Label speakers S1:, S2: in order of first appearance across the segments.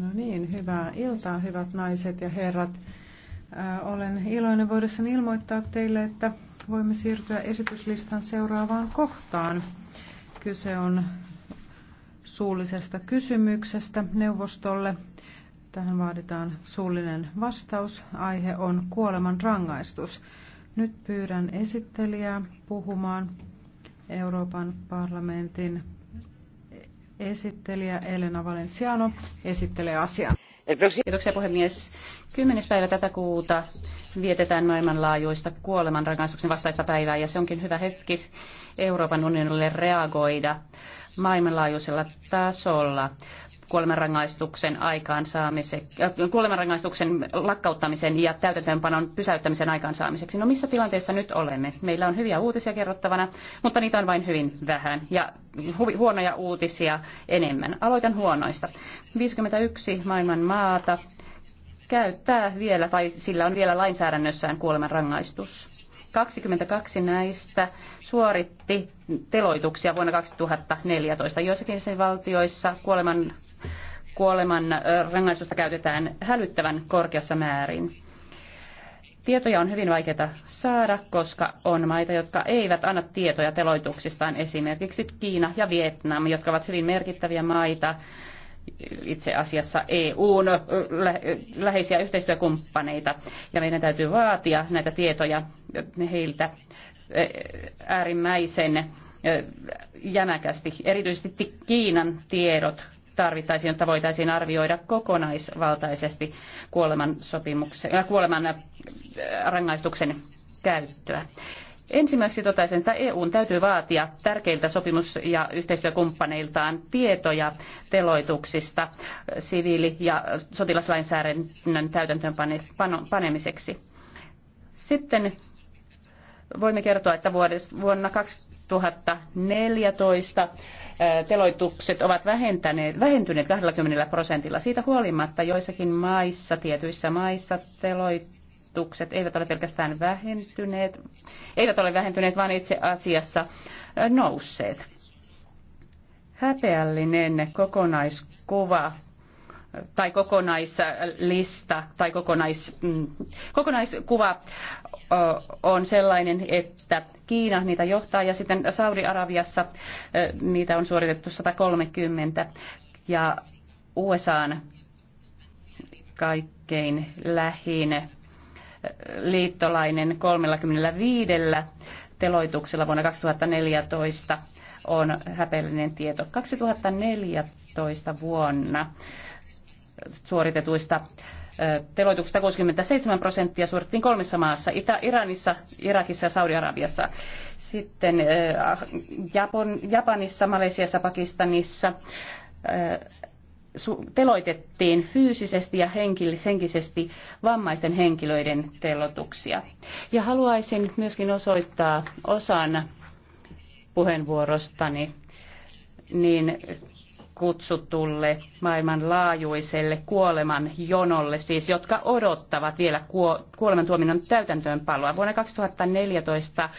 S1: No niin, hyvää iltaa, hyvät naiset ja herrat. Äh, olen iloinen voidessani ilmoittaa teille, että voimme siirtyä esityslistan seuraavaan kohtaan. Kyse on suullisesta kysymyksestä neuvostolle. Tähän vaaditaan suullinen vastaus. Aihe on kuoleman rangaistus. Nyt pyydän esittelijää puhumaan Euroopan parlamentin
S2: Esittelijä Elena Valenciano esittelee asian. Kiitoksia puhemies. 10. päivä tätä kuuta vietetään maailmanlaajuista kuolemanrangaistuksen vastaista päivää ja se onkin hyvä hetki Euroopan unionille reagoida maailmanlaajuisella tasolla kuolemanrangaistuksen aikaansaamisen, äh, kuolemanrangaistuksen lakkauttamisen ja täytäntöönpanon pysäyttämisen aikaansaamiseksi. No missä tilanteessa nyt olemme? Meillä on hyviä uutisia kerrottavana, mutta niitä on vain hyvin vähän ja huonoja uutisia enemmän. Aloitan huonoista. 51 maailman maata käyttää vielä tai sillä on vielä lainsäädännössään kuolemanrangaistus. 22 näistä suoritti teloituksia vuonna 2014. Joissakin sen valtioissa kuoleman kuoleman rangaistusta käytetään hälyttävän korkeassa määrin. Tietoja on hyvin vaikeaa saada, koska on maita, jotka eivät anna tietoja teloituksistaan, esimerkiksi Kiina ja Vietnam, jotka ovat hyvin merkittäviä maita, itse asiassa EUn läheisiä yhteistyökumppaneita. Ja meidän täytyy vaatia näitä tietoja heiltä äärimmäisen jämäkästi. Erityisesti Kiinan tiedot tarvittaisiin, jotta voitaisiin arvioida kokonaisvaltaisesti kuoleman, sopimuksen, äh, kuoleman äh, rangaistuksen käyttöä. Ensimmäiseksi totaisin, että EUn täytyy vaatia tärkeiltä sopimus- ja yhteistyökumppaneiltaan tietoja teloituksista siviili- ja sotilaslainsäädännön täytäntöönpanemiseksi. Sitten voimme kertoa, että vuonna 2014 teloitukset ovat vähentäneet, vähentyneet 20 prosentilla. Siitä huolimatta joissakin maissa, tietyissä maissa teloitukset eivät ole pelkästään vähentyneet, eivät ole vähentyneet, vaan itse asiassa nousseet. Häpeällinen kokonaiskuva tai kokonaislista tai kokonais, mm, kokonaiskuva on sellainen, että Kiina niitä johtaa ja sitten Saudi-Arabiassa niitä on suoritettu 130 ja USAn kaikkein lähin liittolainen 35 teloituksella vuonna 2014 on häpeällinen tieto. 2014 vuonna suoritetuista teloituksista 67 prosenttia suoritettiin kolmessa maassa, Itä Iranissa, Irakissa ja Saudi-Arabiassa. Sitten ah, Japanissa, Malesiassa, Pakistanissa teloitettiin fyysisesti ja henkisesti vammaisten henkilöiden telotuksia. Ja haluaisin myöskin osoittaa osan puheenvuorostani niin kutsutulle maailmanlaajuiselle kuoleman jonolle, siis jotka odottavat vielä kuolemantuominnon täytäntöönpaloa. Vuonna 2014 äh,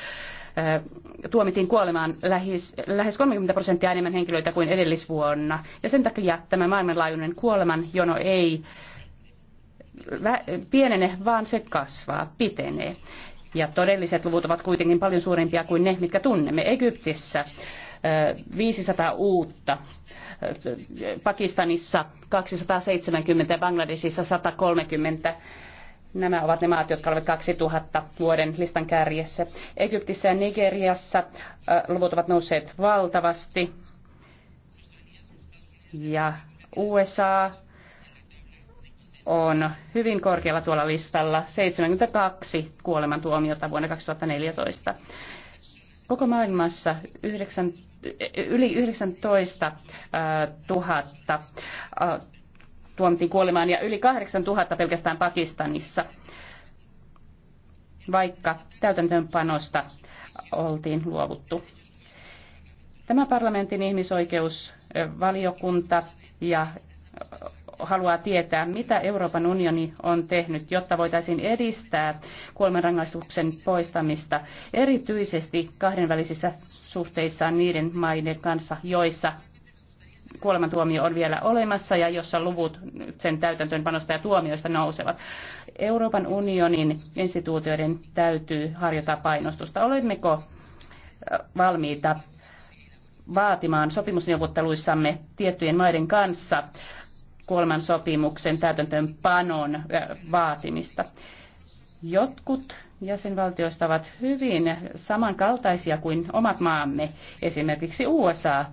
S2: tuomitiin kuolemaan lähes, lähes 30 prosenttia enemmän henkilöitä kuin edellisvuonna. Ja sen takia tämä maailmanlaajuinen kuolemanjono ei pienene, vaan se kasvaa, pitenee. Ja todelliset luvut ovat kuitenkin paljon suurempia kuin ne, mitkä tunnemme. Egyptissä 500 äh, uutta Pakistanissa 270 ja Bangladesissa 130. Nämä ovat ne maat, jotka olivat 2000 vuoden listan kärjessä. Egyptissä ja Nigeriassa äh, luvut ovat nousseet valtavasti. Ja USA on hyvin korkealla tuolla listalla, 72 kuolemantuomiota vuonna 2014. Koko maailmassa 9 yli 19 000 tuomittiin kuolemaan ja yli 8 000 pelkästään Pakistanissa, vaikka täytäntöönpanosta oltiin luovuttu. Tämä parlamentin ihmisoikeusvaliokunta ja haluaa tietää, mitä Euroopan unioni on tehnyt, jotta voitaisiin edistää kuolemanrangaistuksen poistamista erityisesti kahdenvälisissä suhteissaan niiden maiden kanssa, joissa kuolemantuomio on vielä olemassa ja jossa luvut sen täytäntöönpanosta ja tuomioista nousevat. Euroopan unionin instituutioiden täytyy harjoittaa painostusta. Olemmeko valmiita vaatimaan sopimusneuvotteluissamme tiettyjen maiden kanssa kuolemansopimuksen sopimuksen täytäntöönpanon vaatimista? Jotkut jäsenvaltioista ovat hyvin samankaltaisia kuin omat maamme, esimerkiksi USA.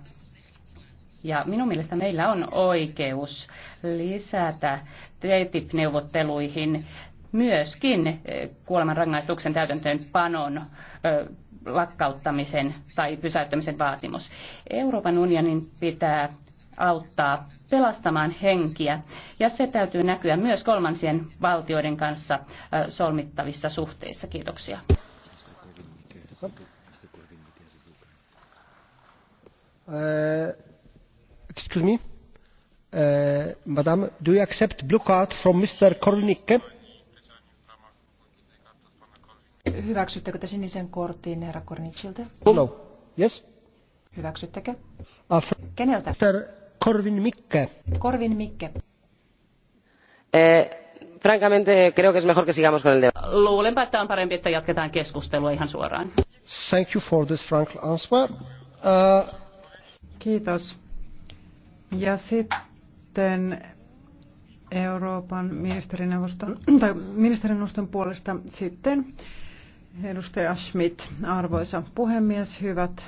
S2: Ja minun mielestä meillä on oikeus lisätä TTIP-neuvotteluihin myöskin eh, kuolemanrangaistuksen täytäntöönpanon lakkauttamisen tai pysäyttämisen vaatimus. Euroopan unionin pitää auttaa pelastamaan henkiä. Ja se täytyy näkyä myös kolmansien valtioiden kanssa solmittavissa suhteissa. Kiitoksia. E, excuse me.
S3: E, madam, do you accept blue card from Mr. Kornicke?
S4: Hyväksyttekö te sinisen kortin herra Kornicilta?
S3: No. Yes. Hyväksyttekö?
S4: Keneltä? Mr.
S3: Corvin
S2: Mikke. Corvin Mikke.
S3: Eh, francamente, creo
S2: que es mejor que sigamos con el debate. Luulenpa, että on parempi, että jatketaan keskustelua ihan suoraan.
S3: Thank you
S1: for this frank answer. Uh... Kiitos. Ja sitten Euroopan ministerineuvoston, tai ministerineuvoston puolesta sitten edustaja Schmidt, arvoisa puhemies, hyvät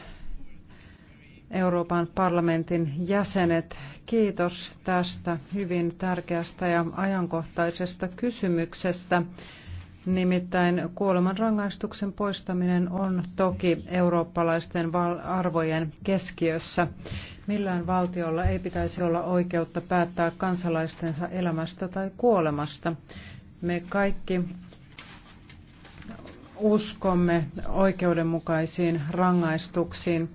S1: Euroopan parlamentin jäsenet. Kiitos tästä hyvin tärkeästä ja ajankohtaisesta kysymyksestä. Nimittäin kuolemanrangaistuksen poistaminen on toki eurooppalaisten arvojen keskiössä. Millään valtiolla ei pitäisi olla oikeutta päättää kansalaistensa elämästä tai kuolemasta. Me kaikki uskomme oikeudenmukaisiin rangaistuksiin.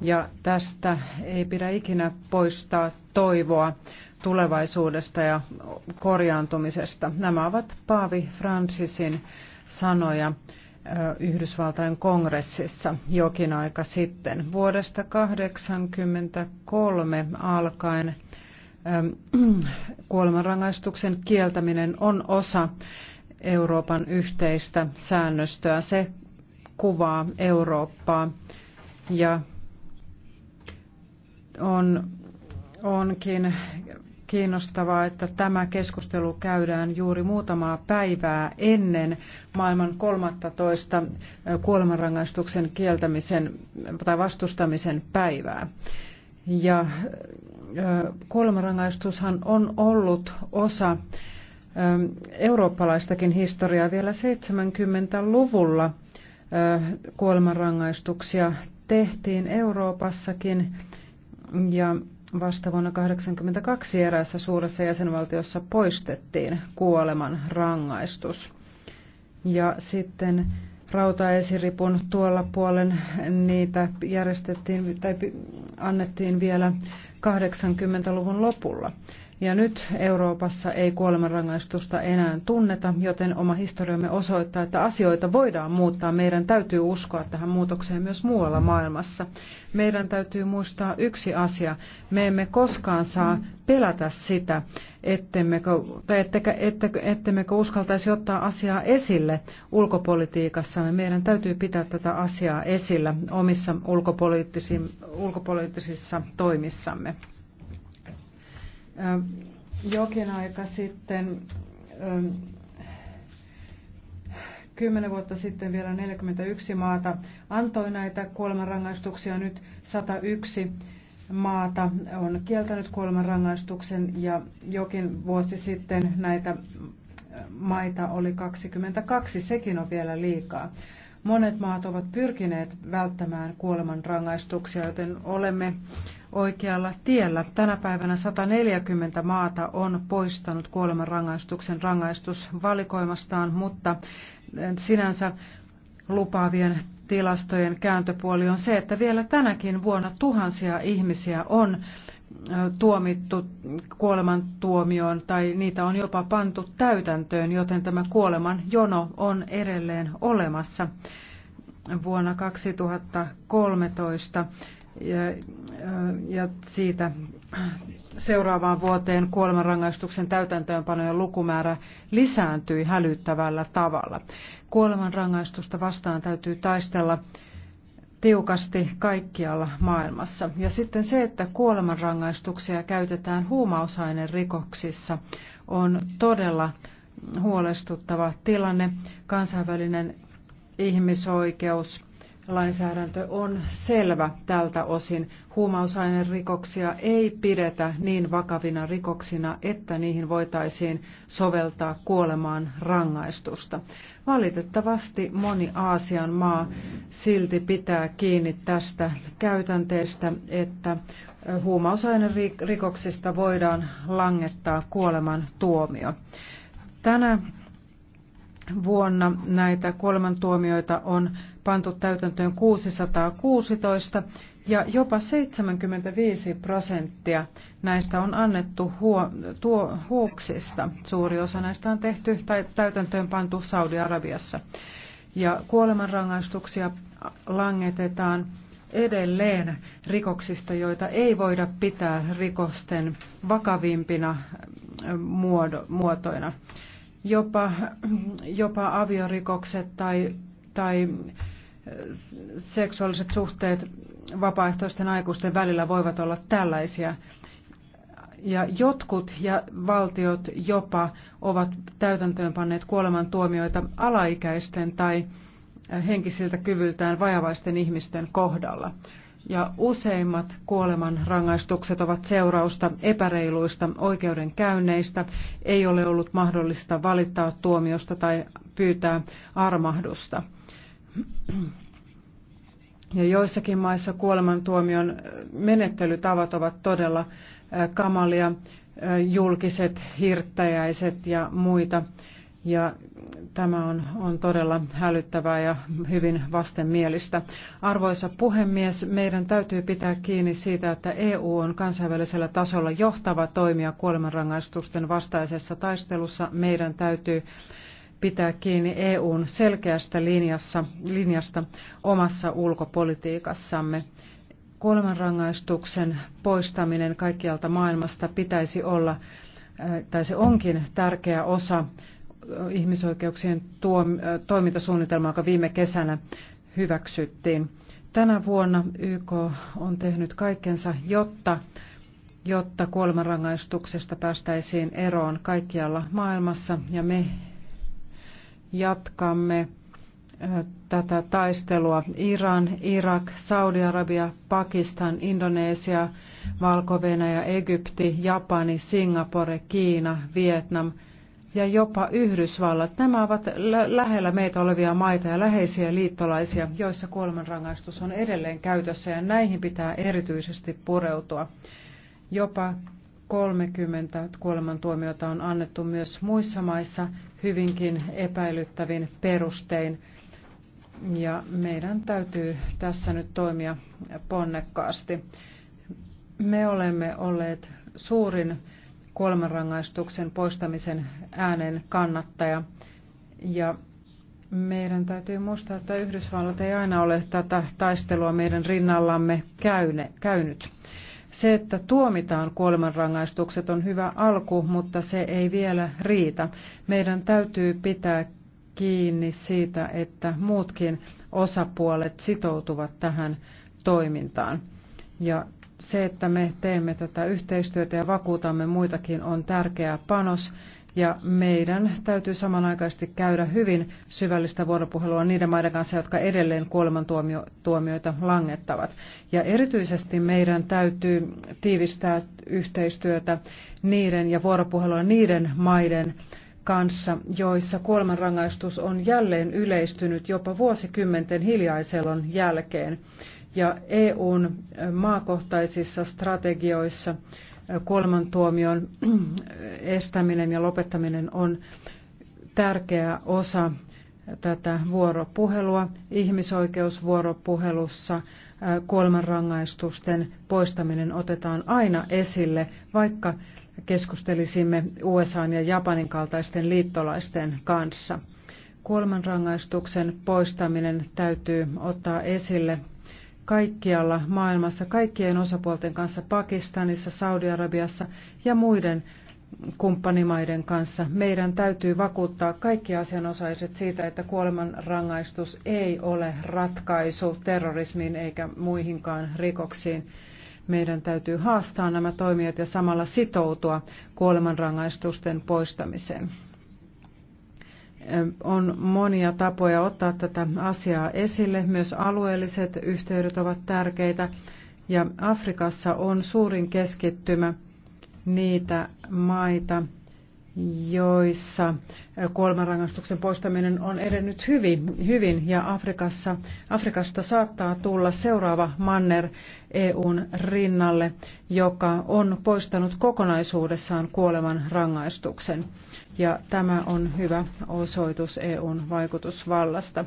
S1: Ja tästä ei pidä ikinä poistaa toivoa tulevaisuudesta ja korjaantumisesta. Nämä ovat Paavi Francisin sanoja Yhdysvaltain kongressissa jokin aika sitten. Vuodesta 1983 alkaen kuolemanrangaistuksen kieltäminen on osa Euroopan yhteistä säännöstöä. Se kuvaa Eurooppaa ja on, onkin kiinnostavaa, että tämä keskustelu käydään juuri muutamaa päivää ennen maailman 13 kuolemanrangaistuksen kieltämisen tai vastustamisen päivää. Ja kuolemanrangaistushan on ollut osa eurooppalaistakin historiaa vielä 70-luvulla kuolemanrangaistuksia tehtiin Euroopassakin ja vasta vuonna 1982 eräässä suuressa jäsenvaltiossa poistettiin kuoleman rangaistus. Ja sitten rautaesiripun tuolla puolen niitä järjestettiin tai annettiin vielä 80-luvun lopulla. Ja nyt Euroopassa ei kuolemanrangaistusta enää tunneta, joten oma historiamme osoittaa, että asioita voidaan muuttaa. Meidän täytyy uskoa tähän muutokseen myös muualla maailmassa. Meidän täytyy muistaa yksi asia. Me emme koskaan saa pelätä sitä, ettemmekö, tai ettekä, ettekö, ettemmekö uskaltaisi ottaa asiaa esille ulkopolitiikassamme. Meidän täytyy pitää tätä asiaa esillä omissa ulkopoliittisissa toimissamme. Jokin aika sitten, kymmenen vuotta sitten vielä 41 maata antoi näitä kuolemanrangaistuksia, nyt 101 maata on kieltänyt kuolemanrangaistuksen ja jokin vuosi sitten näitä maita oli 22, sekin on vielä liikaa. Monet maat ovat pyrkineet välttämään kuolemanrangaistuksia, joten olemme oikealla tiellä. Tänä päivänä 140 maata on poistanut kuolemanrangaistuksen rangaistusvalikoimastaan, mutta eh, sinänsä lupaavien tilastojen kääntöpuoli on se, että vielä tänäkin vuonna tuhansia ihmisiä on eh, tuomittu kuolemantuomioon tai niitä on jopa pantu täytäntöön, joten tämä kuoleman jono on edelleen olemassa. Vuonna 2013 ja, äh, ja siitä seuraavaan vuoteen kuolemanrangaistuksen täytäntöönpanojen lukumäärä lisääntyi hälyttävällä tavalla. Kuolemanrangaistusta vastaan täytyy taistella tiukasti kaikkialla maailmassa. Ja sitten se, että kuolemanrangaistuksia käytetään huumausaineen rikoksissa, on todella huolestuttava tilanne. Kansainvälinen ihmisoikeus lainsäädäntö on selvä tältä osin. Huumausainerikoksia ei pidetä niin vakavina rikoksina, että niihin voitaisiin soveltaa kuolemaan rangaistusta. Valitettavasti moni Aasian maa silti pitää kiinni tästä käytänteestä, että huumausainerikoksista voidaan langettaa kuoleman tuomio. Tänä vuonna näitä kuolemantuomioita on pantu täytäntöön 616 ja jopa 75 prosenttia näistä on annettu huo, tuo, huoksista. Suuri osa näistä on tehty tai täytäntöön pantu Saudi-Arabiassa. Ja kuolemanrangaistuksia langetetaan edelleen rikoksista, joita ei voida pitää rikosten vakavimpina muodo, muotoina. Jopa, jopa aviorikokset tai, tai seksuaaliset suhteet vapaaehtoisten aikuisten välillä voivat olla tällaisia. Ja jotkut ja valtiot jopa ovat täytäntöönpanneet kuolemantuomioita alaikäisten tai henkisiltä kyvyltään vajavaisten ihmisten kohdalla. Ja useimmat kuolemanrangaistukset ovat seurausta epäreiluista oikeudenkäynneistä, ei ole ollut mahdollista valittaa tuomiosta tai pyytää armahdusta. Ja joissakin maissa kuolemantuomion menettelytavat ovat todella kamalia, julkiset, hirttäjäiset ja muita. Ja tämä on, on todella hälyttävää ja hyvin vastenmielistä. Arvoisa puhemies, meidän täytyy pitää kiinni siitä, että EU on kansainvälisellä tasolla johtava toimija kuolemanrangaistusten vastaisessa taistelussa. Meidän täytyy pitää kiinni EUn selkeästä linjassa, linjasta omassa ulkopolitiikassamme. Kuolemanrangaistuksen poistaminen kaikkialta maailmasta pitäisi olla, äh, tai se onkin tärkeä osa äh, ihmisoikeuksien äh, toimintasuunnitelmaa, joka viime kesänä hyväksyttiin. Tänä vuonna YK on tehnyt kaikkensa, jotta, jotta kuolemanrangaistuksesta päästäisiin eroon kaikkialla maailmassa, ja me jatkamme tätä taistelua. Iran, Irak, Saudi-Arabia, Pakistan, Indonesia, valko ja Egypti, Japani, Singapore, Kiina, Vietnam ja jopa Yhdysvallat. Nämä ovat lähellä meitä olevia maita ja läheisiä liittolaisia, joissa kuolemanrangaistus on edelleen käytössä ja näihin pitää erityisesti pureutua. Jopa 30 kuolemantuomiota on annettu myös muissa maissa, hyvinkin epäilyttävin perustein. Ja meidän täytyy tässä nyt toimia ponnekkaasti. Me olemme olleet suurin kuolemanrangaistuksen poistamisen äänen kannattaja. Ja meidän täytyy muistaa, että Yhdysvallat ei aina ole tätä taistelua meidän rinnallamme käyne, käynyt. Se, että tuomitaan kuolemanrangaistukset on hyvä alku, mutta se ei vielä riitä. Meidän täytyy pitää kiinni siitä, että muutkin osapuolet sitoutuvat tähän toimintaan. Ja se, että me teemme tätä yhteistyötä ja vakuutamme muitakin, on tärkeä panos ja meidän täytyy samanaikaisesti käydä hyvin syvällistä vuoropuhelua niiden maiden kanssa, jotka edelleen kuolemantuomioita langettavat. Ja erityisesti meidän täytyy tiivistää yhteistyötä niiden ja vuoropuhelua niiden maiden kanssa, joissa kuolemanrangaistus on jälleen yleistynyt jopa vuosikymmenten hiljaiselon jälkeen. Ja EUn maakohtaisissa strategioissa – kuolemantuomion estäminen ja lopettaminen on tärkeä osa tätä vuoropuhelua. Ihmisoikeusvuoropuhelussa kuolemanrangaistusten poistaminen otetaan aina esille, vaikka keskustelisimme USA ja Japanin kaltaisten liittolaisten kanssa. Kuolemanrangaistuksen poistaminen täytyy ottaa esille kaikkialla maailmassa kaikkien osapuolten kanssa Pakistanissa, Saudi-Arabiassa ja muiden kumppanimaiden kanssa. Meidän täytyy vakuuttaa kaikki asianosaiset siitä, että kuolemanrangaistus ei ole ratkaisu terrorismiin eikä muihinkaan rikoksiin. Meidän täytyy haastaa nämä toimijat ja samalla sitoutua kuolemanrangaistusten poistamiseen. On monia tapoja ottaa tätä asiaa esille. Myös alueelliset yhteydet ovat tärkeitä. Ja Afrikassa on suurin keskittymä niitä maita, joissa kuolemanrangaistuksen poistaminen on edennyt hyvin, hyvin ja Afrikassa, Afrikasta saattaa tulla seuraava manner EUn rinnalle, joka on poistanut kokonaisuudessaan kuolemanrangaistuksen. rangaistuksen. Ja tämä on hyvä osoitus EUn vaikutusvallasta.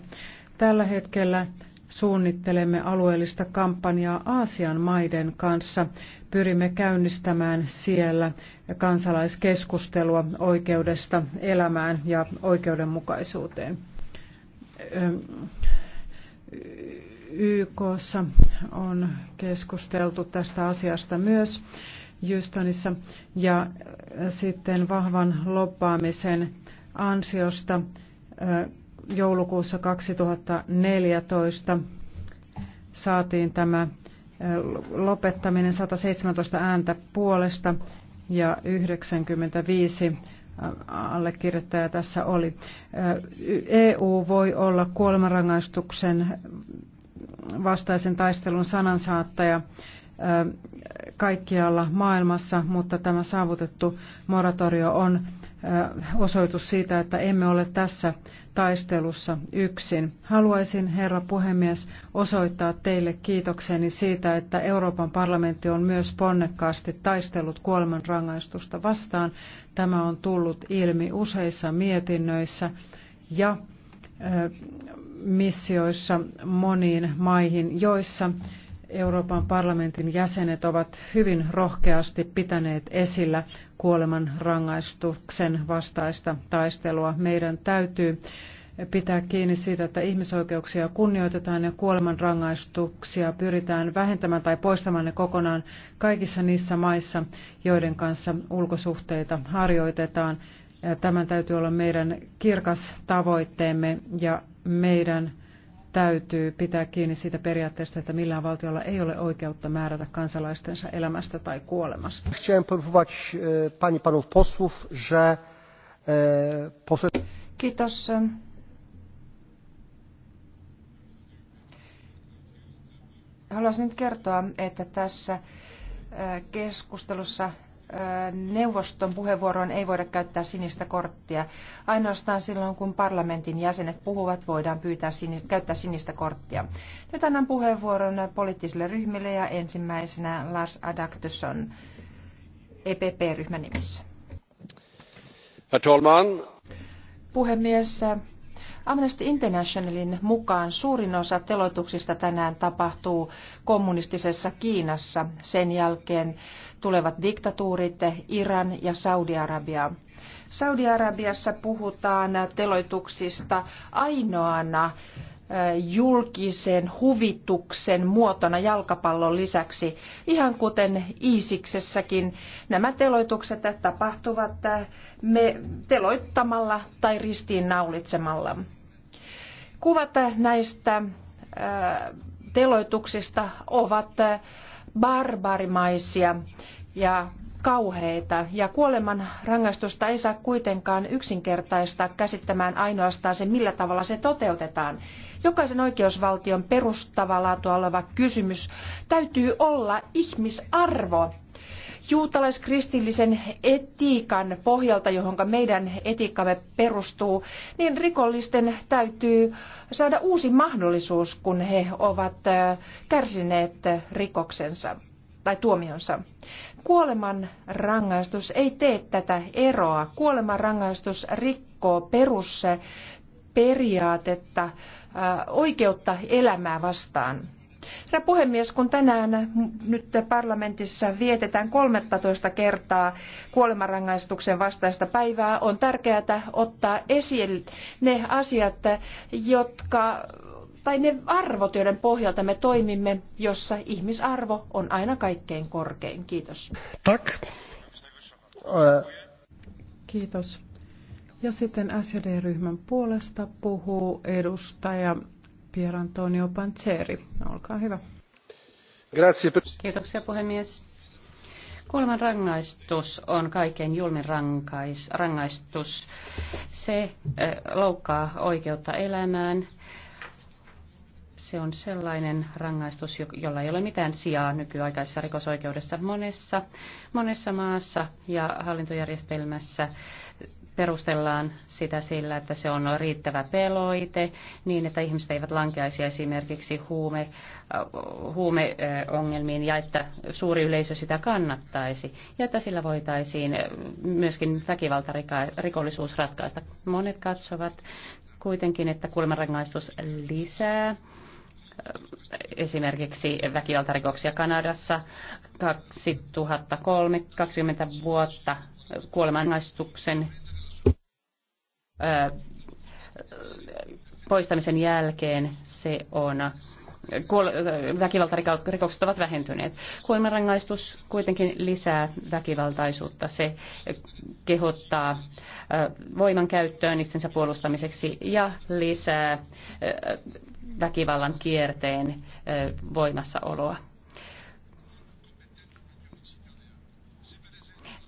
S1: Tällä hetkellä suunnittelemme alueellista kampanjaa Aasian maiden kanssa. Pyrimme käynnistämään siellä kansalaiskeskustelua oikeudesta elämään ja oikeudenmukaisuuteen. YKssa on keskusteltu tästä asiasta myös Houstonissa ja sitten vahvan loppaamisen ansiosta joulukuussa 2014 saatiin tämä lopettaminen 117 ääntä puolesta ja 95 allekirjoittaja tässä oli. EU voi olla kuolemanrangaistuksen vastaisen taistelun sanansaattaja kaikkialla maailmassa, mutta tämä saavutettu moratorio on osoitus siitä, että emme ole tässä taistelussa yksin. Haluaisin, herra puhemies, osoittaa teille kiitokseni siitä, että Euroopan parlamentti on myös ponnekkaasti taistellut kuolemanrangaistusta vastaan. Tämä on tullut ilmi useissa mietinnöissä ja missioissa moniin maihin, joissa Euroopan parlamentin jäsenet ovat hyvin rohkeasti pitäneet esillä kuoleman rangaistuksen vastaista taistelua. Meidän täytyy pitää kiinni siitä, että ihmisoikeuksia kunnioitetaan ja kuolemanrangaistuksia pyritään vähentämään tai poistamaan ne kokonaan kaikissa niissä maissa, joiden kanssa ulkosuhteita harjoitetaan. tämän täytyy olla meidän kirkas tavoitteemme ja meidän täytyy pitää kiinni siitä periaatteesta, että millään valtiolla ei ole oikeutta määrätä kansalaistensa elämästä tai kuolemasta.
S3: E, e, Kiitos.
S4: Haluaisin nyt kertoa, että tässä e, keskustelussa neuvoston puheenvuoroon ei voida käyttää sinistä korttia. Ainoastaan silloin, kun parlamentin jäsenet puhuvat, voidaan pyytää sinistä, käyttää sinistä korttia. Nyt annan puheenvuoron poliittisille ryhmille ja ensimmäisenä Lars Adaktusson EPP-ryhmän nimissä. Herr Tolman. Puhemies, Amnesty Internationalin mukaan suurin osa teloituksista tänään tapahtuu kommunistisessa Kiinassa. Sen jälkeen tulevat diktatuurit Iran ja Saudi-Arabia. Saudi-Arabiassa puhutaan teloituksista ainoana julkisen huvituksen muotona jalkapallon lisäksi. Ihan kuten Iisiksessäkin nämä teloitukset tapahtuvat me teloittamalla tai ristiinnaulitsemalla. Kuvat näistä teloituksista ovat barbarimaisia ja kauheita ja kuoleman rangaistusta ei saa kuitenkaan yksinkertaistaa käsittämään ainoastaan se, millä tavalla se toteutetaan. Jokaisen oikeusvaltion perustavaa laatua oleva kysymys täytyy olla ihmisarvo juutalaiskristillisen etiikan pohjalta, johon meidän etiikkamme perustuu, niin rikollisten täytyy saada uusi mahdollisuus, kun he ovat kärsineet rikoksensa tai tuomionsa. Kuoleman rangaistus ei tee tätä eroa. Kuoleman rangaistus rikkoo perusperiaatetta oikeutta elämää vastaan. Herra puhemies, kun tänään nyt parlamentissa vietetään 13 kertaa kuolemanrangaistuksen vastaista päivää, on tärkeää ottaa esiin ne asiat, jotka tai ne arvot, joiden pohjalta me toimimme, jossa ihmisarvo on aina kaikkein korkein. Kiitos.
S1: Tak. Kiitos. Ja sitten SED-ryhmän puolesta puhuu edustaja Pier Antonio Panzeri. Olkaa hyvä.
S2: Kiitoksia puhemies. Kuoleman rangaistus on kaiken julmin rankais, rangaistus. Se äh, loukkaa oikeutta elämään. Se on sellainen rangaistus, jolla ei ole mitään sijaa nykyaikaisessa rikosoikeudessa monessa, monessa maassa ja hallintojärjestelmässä perustellaan sitä sillä, että se on riittävä peloite, niin että ihmiset eivät lankeaisi esimerkiksi huume, äh, huumeongelmiin ja että suuri yleisö sitä kannattaisi. Ja että sillä voitaisiin myöskin väkivaltarikollisuus ratkaista. Monet katsovat kuitenkin, että kulmarangaistus lisää äh, esimerkiksi väkivaltarikoksia Kanadassa 2003 20 vuotta kuolemanrangaistuksen poistamisen jälkeen se on väkivaltarikokset ovat vähentyneet. Kuolemanrangaistus kuitenkin lisää väkivaltaisuutta. Se kehottaa voiman käyttöön itsensä puolustamiseksi ja lisää väkivallan kierteen voimassaoloa.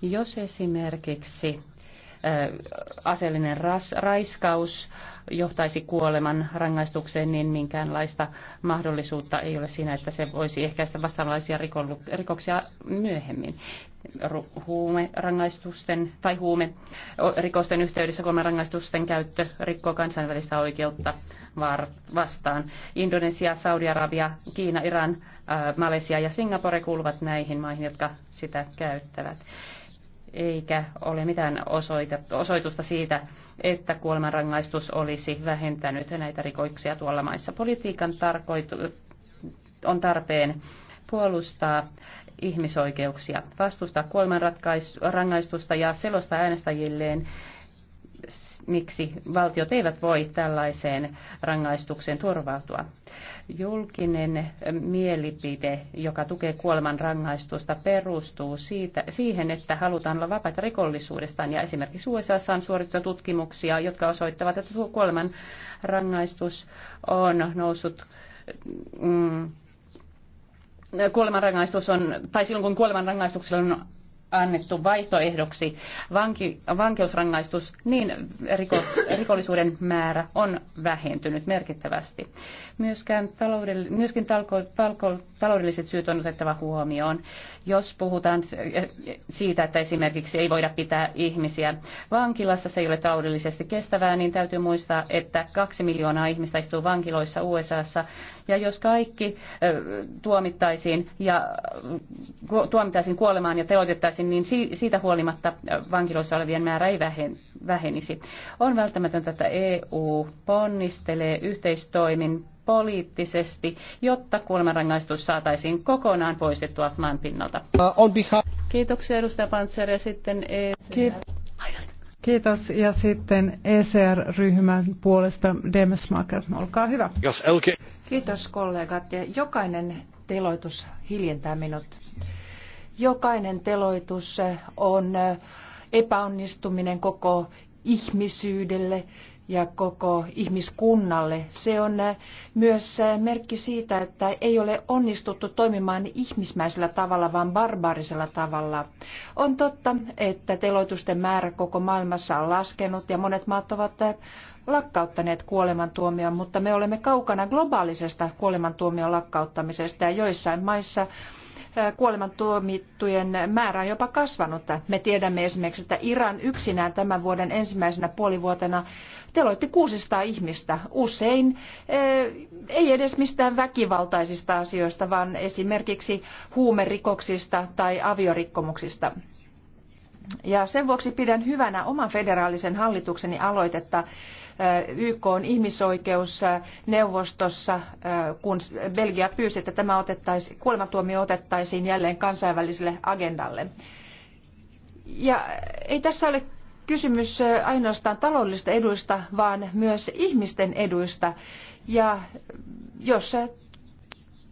S2: Jos esimerkiksi aseellinen ras, raiskaus johtaisi kuoleman rangaistukseen, niin minkäänlaista mahdollisuutta ei ole siinä, että se voisi ehkäistä vastaavanlaisia rikoksia myöhemmin. Huumerangaistusten tai huumerikosten yhteydessä rangaistusten käyttö rikkoo kansainvälistä oikeutta vastaan. Indonesia, Saudi-Arabia, Kiina, Iran, Malesia ja Singapore kuuluvat näihin maihin, jotka sitä käyttävät eikä ole mitään osoitusta siitä, että kuolemanrangaistus olisi vähentänyt näitä rikoksia tuolla maissa. Politiikan tarkoitu- on tarpeen puolustaa ihmisoikeuksia, vastustaa kuolemanrangaistusta ja selostaa äänestäjilleen miksi valtiot eivät voi tällaiseen rangaistukseen turvautua. Julkinen mielipide, joka tukee kuoleman rangaistusta, perustuu siitä, siihen, että halutaan olla vapaita rikollisuudestaan. Ja esimerkiksi USA on suoritettu tutkimuksia, jotka osoittavat, että kuoleman rangaistus on noussut mm, kuolemanrangaistus on, tai silloin kun kuolemanrangaistuksella on annettu vaihtoehdoksi vanki, vankeusrangaistus, niin riko, rikollisuuden määrä on vähentynyt merkittävästi. Myöskään taloudell, myöskin talko, talko, taloudelliset syyt on otettava huomioon. Jos puhutaan siitä, että esimerkiksi ei voida pitää ihmisiä vankilassa, se ei ole taloudellisesti kestävää, niin täytyy muistaa, että kaksi miljoonaa ihmistä istuu vankiloissa USAssa. Ja jos kaikki tuomittaisiin ja tuomittaisiin kuolemaan ja teloitettaisiin, kovasti, niin siitä huolimatta äh, vankiloissa olevien määrä ei vähenisi. On välttämätöntä, että EU ponnistelee yhteistoimin poliittisesti, jotta kuolemanrangaistus saataisiin kokonaan poistettua maan pinnalta. Uh, Kiitoksia edustaja Pantser ja
S1: sitten e Kiitos. Kiitos. Ja sitten ECR-ryhmän puolesta Demesmaker, olkaa hyvä.
S4: Kiitos kollegat. ja Jokainen teloitus hiljentää minut. Jokainen teloitus on epäonnistuminen koko ihmisyydelle ja koko ihmiskunnalle. Se on myös merkki siitä, että ei ole onnistuttu toimimaan ihmismäisellä tavalla, vaan barbaarisella tavalla. On totta, että teloitusten määrä koko maailmassa on laskenut ja monet maat ovat lakkauttaneet kuolemantuomion, mutta me olemme kaukana globaalisesta kuolemantuomion lakkauttamisesta ja joissain maissa kuolemantuomittujen määrä on jopa kasvanut. Me tiedämme esimerkiksi, että Iran yksinään tämän vuoden ensimmäisenä puolivuotena teloitti 600 ihmistä. Usein e, ei edes mistään väkivaltaisista asioista, vaan esimerkiksi huumerikoksista tai aviorikkomuksista. Ja sen vuoksi pidän hyvänä oman federaalisen hallitukseni aloitetta YK on ihmisoikeusneuvostossa, kun Belgia pyysi, että tämä otettaisiin, kuolemantuomio otettaisiin jälleen kansainväliselle agendalle. Ja ei tässä ole kysymys ainoastaan taloudellisista eduista, vaan myös ihmisten eduista. Ja jos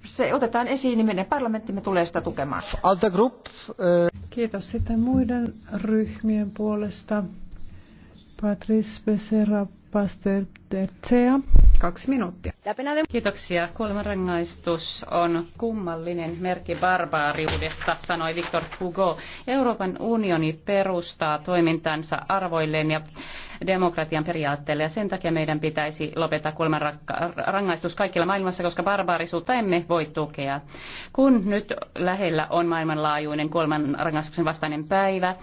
S4: se otetaan esiin, niin meidän parlamenttimme tulee sitä tukemaan.
S3: Alta Group. Kiitos sitten
S1: muiden ryhmien puolesta. Patrice Becerra Tercea. Kaksi minuuttia.
S2: Kiitoksia. Kuolemanrangaistus on kummallinen merkki barbaariudesta, sanoi Victor Hugo. Euroopan unioni perustaa toimintansa arvoilleen ja demokratian periaatteelle ja sen takia meidän pitäisi lopettaa kuoleman rangaistus kaikilla maailmassa, koska barbaarisuutta emme voi tukea. Kun nyt lähellä on maailmanlaajuinen kuoleman rangaistuksen vastainen päivä,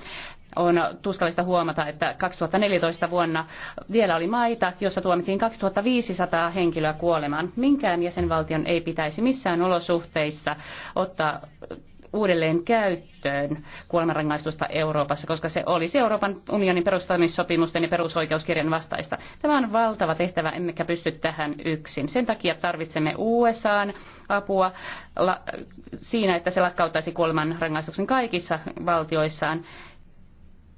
S2: on tuskallista huomata, että 2014 vuonna vielä oli maita, jossa tuomittiin 2500 henkilöä kuolemaan. Minkään jäsenvaltion ei pitäisi missään olosuhteissa ottaa uudelleen käyttöön kuolemanrangaistusta Euroopassa, koska se olisi Euroopan unionin perustamissopimusten ja perusoikeuskirjan vastaista. Tämä on valtava tehtävä, emmekä pysty tähän yksin. Sen takia tarvitsemme USAn apua siinä, että se lakkauttaisi kuolemanrangaistuksen kaikissa valtioissaan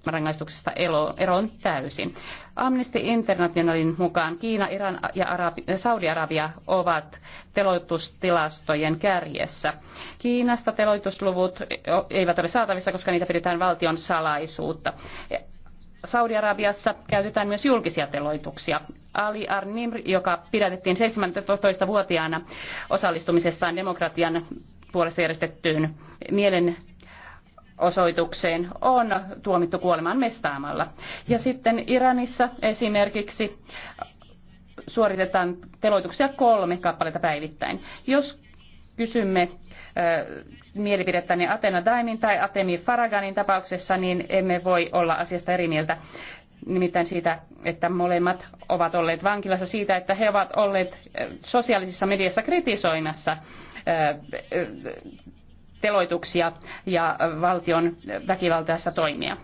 S2: rangaistuksesta eroon täysin. Amnesty Internationalin mukaan Kiina, Iran ja Arabi, Saudi-Arabia ovat teloitustilastojen kärjessä. Kiinasta teloitusluvut eivät ole saatavissa, koska niitä pidetään valtion salaisuutta. Saudi-Arabiassa käytetään myös julkisia teloituksia. Ali Arnimr, joka pidätettiin 17-vuotiaana osallistumisestaan demokratian puolesta järjestettyyn mielen mielenosoitukseen on tuomittu kuolemaan mestaamalla. Ja sitten Iranissa esimerkiksi suoritetaan teloituksia kolme kappaletta päivittäin. Jos kysymme äh, mielipidettäni niin Atena Daimin tai Atemi Faraganin tapauksessa, niin emme voi olla asiasta eri mieltä. Nimittäin siitä, että molemmat ovat olleet vankilassa siitä, että he ovat olleet sosiaalisessa mediassa kritisoimassa äh, teloituksia ja valtion väkivaltaista toimia.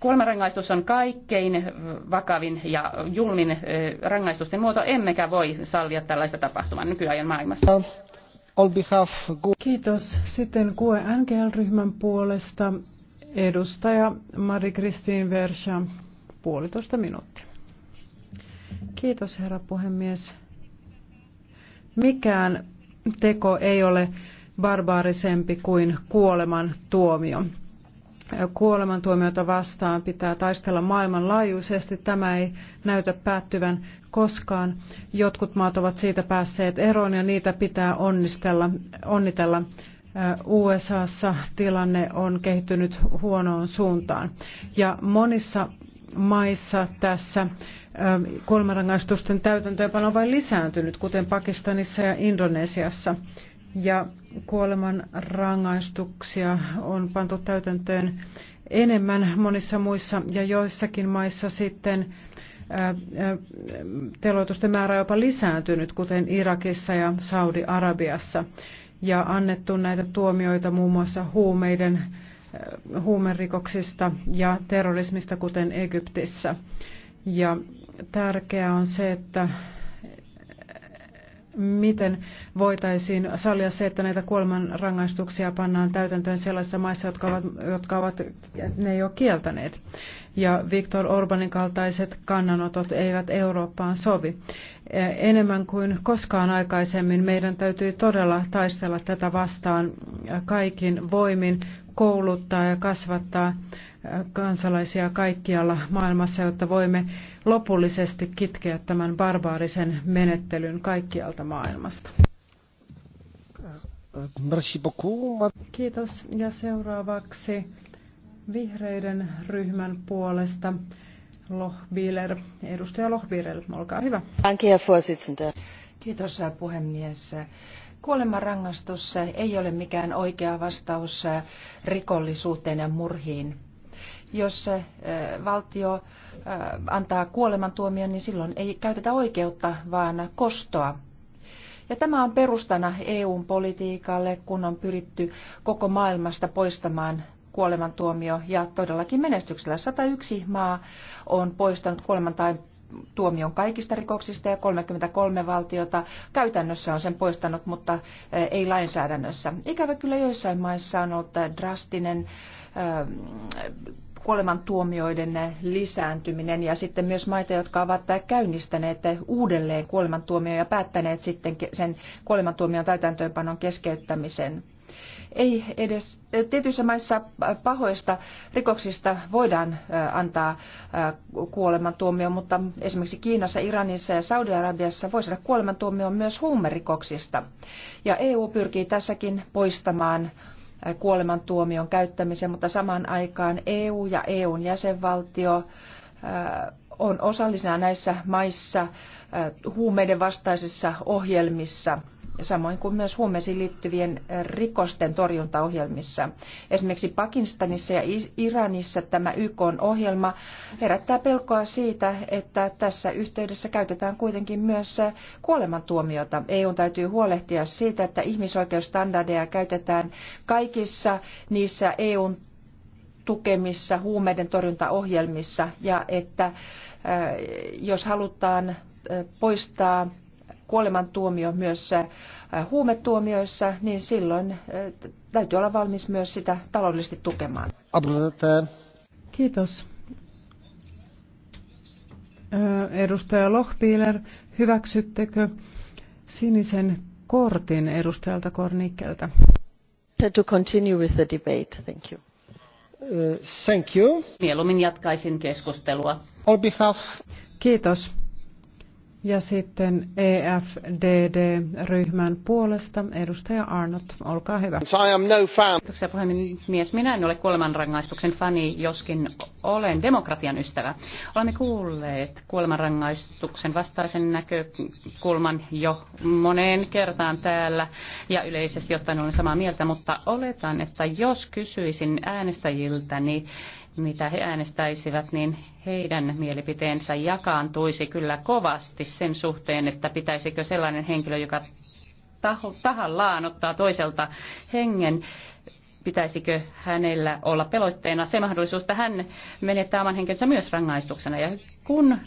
S2: Kuolemanrangaistus on kaikkein vakavin ja julmin rangaistusten muoto, emmekä voi sallia tällaista tapahtumaa nykyajan maailmassa.
S1: Kiitos. Sitten QNGL-ryhmän puolesta edustaja Mari-Kristiin Versa, puolitoista minuuttia. Kiitos herra puhemies. Mikään teko ei ole barbaarisempi kuin kuoleman tuomio. Kuolemantuomiota vastaan pitää taistella maailmanlaajuisesti. Tämä ei näytä päättyvän koskaan. Jotkut maat ovat siitä päässeet eroon ja niitä pitää onnistella, onnitella. USAssa tilanne on kehittynyt huonoon suuntaan. Ja monissa maissa tässä kuolemanrangaistusten täytäntöönpano on vain lisääntynyt, kuten Pakistanissa ja Indonesiassa ja kuoleman rangaistuksia on pantu täytäntöön enemmän monissa muissa ja joissakin maissa sitten teloitusten määrä on jopa lisääntynyt, kuten Irakissa ja Saudi-Arabiassa. Ja annettu näitä tuomioita muun muassa huumeiden, huumerikoksista ja terrorismista, kuten Egyptissä. Ja tärkeää on se, että miten voitaisiin sallia se, että näitä kuolemanrangaistuksia pannaan täytäntöön sellaisissa maissa, jotka ovat, jotka ovat ne jo kieltäneet. Ja Viktor Orbanin kaltaiset kannanotot eivät Eurooppaan sovi. Enemmän kuin koskaan aikaisemmin meidän täytyy todella taistella tätä vastaan kaikin voimin, kouluttaa ja kasvattaa kansalaisia kaikkialla maailmassa, jotta voimme lopullisesti kitkeä tämän barbaarisen menettelyn kaikkialta maailmasta. Kiitos. Ja seuraavaksi vihreiden ryhmän puolesta Lohbiler. Edustaja Lohbiler, olkaa hyvä. Kiitos puhemies.
S4: Kuolemanrangaistus ei ole mikään oikea vastaus rikollisuuteen ja murhiin jos valtio antaa kuolemantuomion, niin silloin ei käytetä oikeutta, vaan kostoa. Ja tämä on perustana EUn politiikalle, kun on pyritty koko maailmasta poistamaan kuolemantuomio ja todellakin menestyksellä 101 maa on poistanut kuoleman tai tuomion kaikista rikoksista ja 33 valtiota käytännössä on sen poistanut, mutta ei lainsäädännössä. Ikävä kyllä joissain maissa on ollut drastinen kuolemantuomioiden lisääntyminen ja sitten myös maita, jotka ovat käynnistäneet uudelleen kuolemantuomio ja päättäneet sitten sen kuolemantuomion täytäntöönpanon keskeyttämisen. Ei edes, tietyissä maissa pahoista rikoksista voidaan antaa kuolemantuomio, mutta esimerkiksi Kiinassa, Iranissa ja Saudi-Arabiassa voi saada kuolemantuomio myös huumerikoksista. Ja EU pyrkii tässäkin poistamaan kuolemantuomion käyttämiseen, mutta samaan aikaan EU ja EUn jäsenvaltio on osallisena näissä maissa huumeiden vastaisissa ohjelmissa – samoin kuin myös huumeisiin liittyvien rikosten torjuntaohjelmissa. Esimerkiksi Pakistanissa ja Iranissa tämä YK-ohjelma herättää pelkoa siitä, että tässä yhteydessä käytetään kuitenkin myös kuolemantuomiota. EU täytyy huolehtia siitä, että ihmisoikeusstandardeja käytetään kaikissa niissä EUn tukemissa huumeiden torjuntaohjelmissa ja että jos halutaan poistaa kuolemantuomio myös äh, huumetuomioissa, niin silloin äh, täytyy olla valmis myös sitä taloudellisesti tukemaan.
S1: Kiitos. Äh, edustaja Lohpiiler, hyväksyttekö sinisen kortin
S2: edustajalta Kornikkelta? To continue with the debate, thank you. Uh, thank you. Mieluummin jatkaisin keskustelua. On behalf... Kiitos.
S1: Ja sitten EFDD-ryhmän puolesta
S2: edustaja Arnott, olkaa hyvä. I am no fan. Kiitoksia puhemies. Minä en ole kuolemanrangaistuksen fani, joskin olen demokratian ystävä. Olemme kuulleet kuolemanrangaistuksen vastaisen näkökulman jo moneen kertaan täällä ja yleisesti ottaen olen samaa mieltä, mutta oletan, että jos kysyisin äänestäjiltäni, niin mitä he äänestäisivät, niin heidän mielipiteensä jakaantuisi kyllä kovasti sen suhteen, että pitäisikö sellainen henkilö, joka taho, tahallaan ottaa toiselta hengen, pitäisikö hänellä olla pelotteena se mahdollisuus, että hän menettää oman henkensä myös rangaistuksena. Ja kun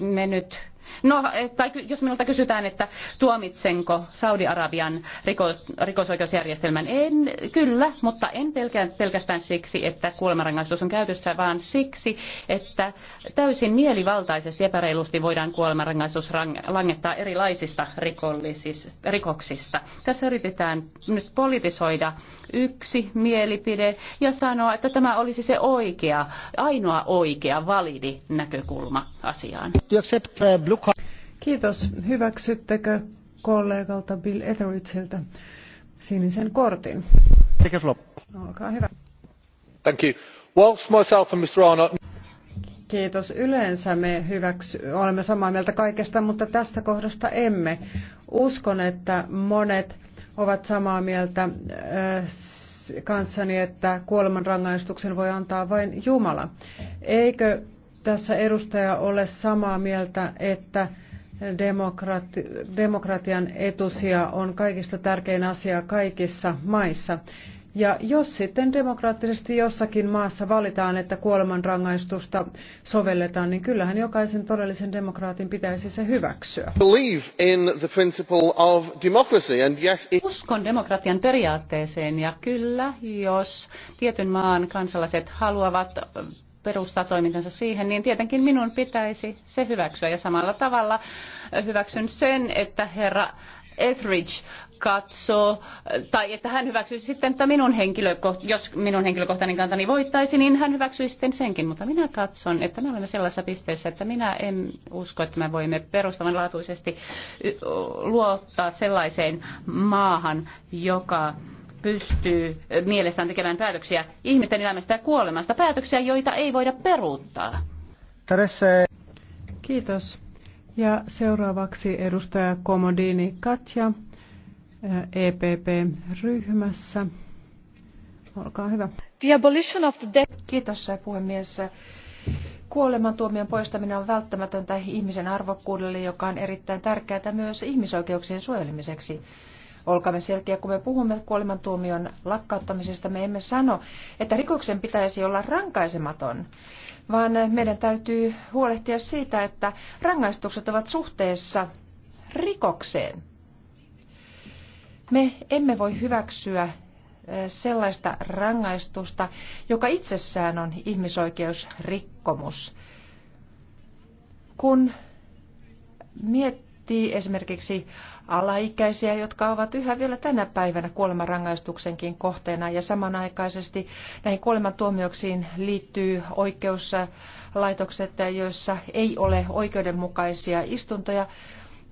S2: me nyt No, eh, tai jos minulta kysytään, että tuomitsenko Saudi-Arabian rikos, rikosoikeusjärjestelmän, en, kyllä, mutta en pelkästään siksi, että kuolemanrangaistus on käytössä, vaan siksi, että täysin mielivaltaisesti epäreilusti voidaan kuolemanrangaistus langettaa erilaisista rikollisista, rikoksista. Tässä yritetään nyt politisoida yksi mielipide ja sanoa, että tämä olisi se oikea, ainoa oikea, validi näkökulma asiaan.
S1: Uh, Kiitos. Hyväksyttekö kollegalta Bill Etheridgeiltä sinisen kortin? Olkaa hyvä.
S5: Thank you. Whilst myself and Mr. Arnott...
S1: Kiitos. Yleensä me hyväksy, olemme samaa mieltä kaikesta, mutta tästä kohdasta emme. Uskon, että monet ovat samaa mieltä äh, kanssani, että kuolemanrangaistuksen voi antaa vain Jumala. Eikö tässä edustaja ole samaa mieltä, että demokrati, demokratian etusia on kaikista tärkein asia kaikissa maissa. Ja jos sitten demokraattisesti jossakin maassa valitaan, että kuolemanrangaistusta sovelletaan, niin kyllähän jokaisen todellisen demokraatin pitäisi se hyväksyä.
S2: Uskon demokratian periaatteeseen ja kyllä, jos tietyn maan kansalaiset haluavat perustaa toimintansa siihen, niin tietenkin minun pitäisi se hyväksyä. Ja samalla tavalla hyväksyn sen, että herra Etheridge katsoo, tai että hän hyväksyisi sitten, että minun henkilöko- jos minun henkilökohtainen kantani voittaisi, niin hän hyväksyisi sitten senkin. Mutta minä katson, että me olemme sellaisessa pisteessä, että minä en usko, että me voimme perustavanlaatuisesti luottaa sellaiseen maahan, joka pystyy mielestään tekemään päätöksiä ihmisten elämästä ja kuolemasta, päätöksiä, joita ei voida peruuttaa.
S1: Tässä Kiitos. Ja seuraavaksi edustaja Komodini Katja. EPP-ryhmässä. Olkaa hyvä. The
S4: abolition of the death. Kiitos puhemies. Kuolemantuomion poistaminen on välttämätöntä ihmisen arvokkuudelle, joka on erittäin tärkeää myös ihmisoikeuksien suojelemiseksi. Olkaamme selkeä, kun me puhumme kuolemantuomion lakkauttamisesta, me emme sano, että rikoksen pitäisi olla rankaisematon, vaan meidän täytyy huolehtia siitä, että rangaistukset ovat suhteessa rikokseen. Me emme voi hyväksyä eh, sellaista rangaistusta, joka itsessään on ihmisoikeusrikkomus. Kun miettii esimerkiksi alaikäisiä, jotka ovat yhä vielä tänä päivänä kuolemanrangaistuksenkin kohteena ja samanaikaisesti näihin kuolemantuomioksiin liittyy oikeuslaitokset, joissa ei ole oikeudenmukaisia istuntoja,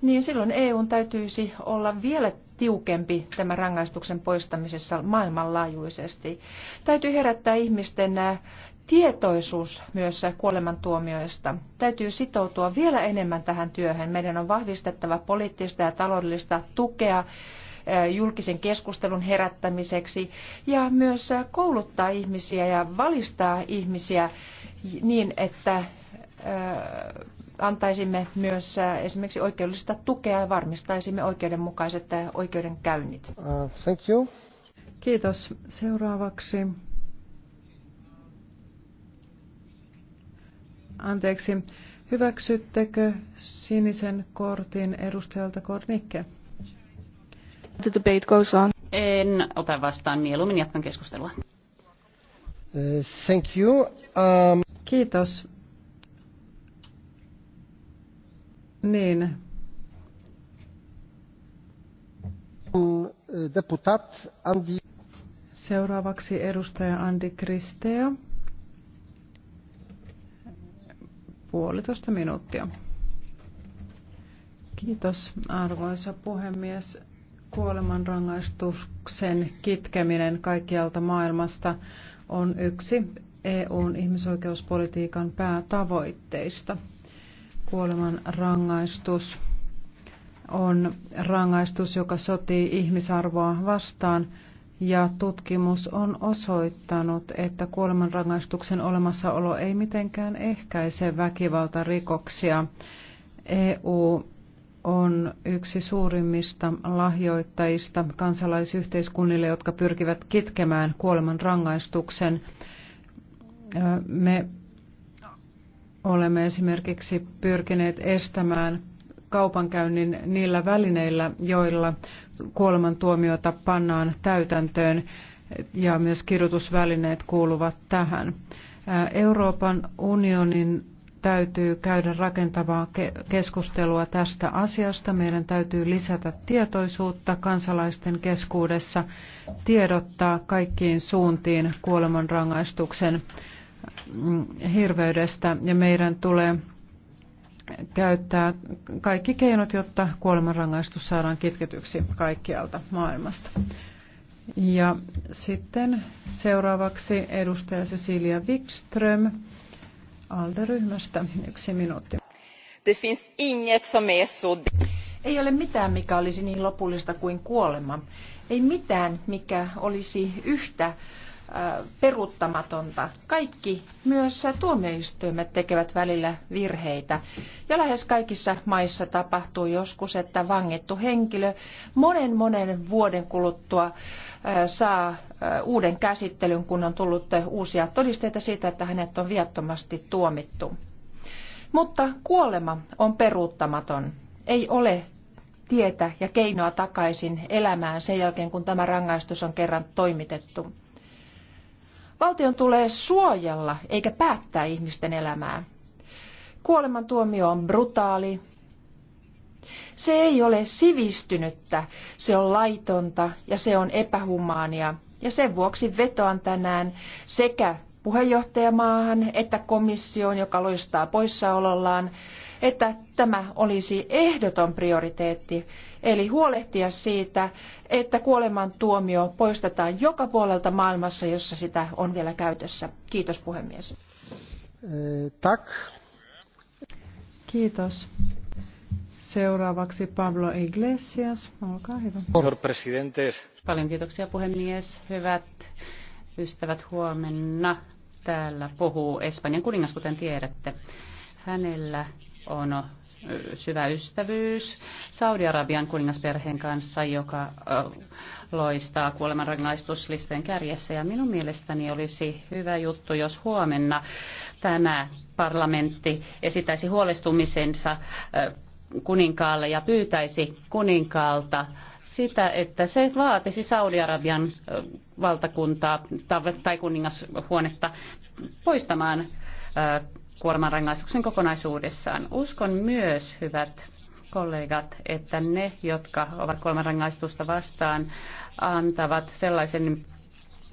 S4: niin silloin EUn täytyisi olla vielä tiukempi tämän rangaistuksen poistamisessa maailmanlaajuisesti. Täytyy herättää ihmisten äh, tietoisuus myös äh, kuolemantuomioista. Täytyy sitoutua vielä enemmän tähän työhön. Meidän on vahvistettava poliittista ja taloudellista tukea äh, julkisen keskustelun herättämiseksi ja myös kouluttaa ihmisiä ja valistaa ihmisiä niin, että antaisimme myös äh, esimerkiksi oikeudellista tukea ja varmistaisimme oikeudenmukaiset äh,
S1: oikeudenkäynnit. Uh, thank you. Kiitos. Seuraavaksi. Anteeksi. Hyväksyttekö sinisen kortin edustajalta Kornikke?
S2: The debate goes on. En ota vastaan. Mieluummin jatkan keskustelua.
S3: Uh, thank you. Um... Kiitos. Niin. Deputat Andi. Seuraavaksi edustaja Andi
S1: Kristeo. Puolitoista minuuttia. Kiitos arvoisa puhemies. Kuolemanrangaistuksen kitkeminen kaikkialta maailmasta on yksi EUn ihmisoikeuspolitiikan päätavoitteista. Kuoleman rangaistus on rangaistus, joka sotii ihmisarvoa vastaan, ja tutkimus on osoittanut, että kuolemanrangaistuksen olemassaolo ei mitenkään ehkäise väkivaltarikoksia. EU on yksi suurimmista lahjoittajista kansalaisyhteiskunnille, jotka pyrkivät kitkemään rangaistuksen. Me Olemme esimerkiksi pyrkineet estämään kaupankäynnin niillä välineillä, joilla kuolemantuomiota pannaan täytäntöön ja myös kirjoitusvälineet kuuluvat tähän. Euroopan unionin täytyy käydä rakentavaa keskustelua tästä asiasta. Meidän täytyy lisätä tietoisuutta kansalaisten keskuudessa, tiedottaa kaikkiin suuntiin kuolemanrangaistuksen rangaistuksen hirveydestä ja meidän tulee käyttää kaikki keinot, jotta kuolemanrangaistus saadaan kitketyksi kaikkialta maailmasta. Ja sitten seuraavaksi edustaja Cecilia Wikström ALDE-ryhmästä. Yksi minuutti.
S4: Det finns inget som är så... Ei ole mitään, mikä olisi niin lopullista kuin kuolema. Ei mitään, mikä olisi yhtä peruuttamatonta. Kaikki, myös tuomioistuimet tekevät välillä virheitä. Ja lähes kaikissa maissa tapahtuu joskus, että vangittu henkilö monen monen vuoden kuluttua saa uuden käsittelyn, kun on tullut uusia todisteita siitä, että hänet on viattomasti tuomittu. Mutta kuolema on peruuttamaton. Ei ole tietä ja keinoa takaisin elämään sen jälkeen, kun tämä rangaistus on kerran toimitettu. Valtion tulee suojella eikä päättää ihmisten elämää. Kuolemantuomio on brutaali. Se ei ole sivistynyttä, se on laitonta ja se on epähumaania. Ja sen vuoksi vetoan tänään sekä puheenjohtajamaahan että komissioon, joka loistaa poissaolollaan, että tämä olisi ehdoton prioriteetti, eli huolehtia siitä, että kuolemantuomio poistetaan joka puolelta maailmassa, jossa sitä on vielä
S1: käytössä. Kiitos puhemies. Eh, tak. Kiitos. Seuraavaksi Pablo Iglesias, olkaa hyvä.
S2: Paljon kiitoksia puhemies. Hyvät ystävät, huomenna täällä puhuu Espanjan kuningas, kuten tiedätte. Hänellä on syvä ystävyys Saudi-Arabian kuningasperheen kanssa, joka loistaa kuolemanrangaistuslistojen kärjessä. Ja minun mielestäni olisi hyvä juttu, jos huomenna tämä parlamentti esittäisi huolestumisensa kuninkaalle ja pyytäisi kuninkaalta sitä, että se vaatisi Saudi-Arabian valtakuntaa tai kuningashuonetta poistamaan kuolemanrangaistuksen kokonaisuudessaan. Uskon myös, hyvät kollegat, että ne, jotka ovat kuolemanrangaistusta vastaan, antavat sellaisen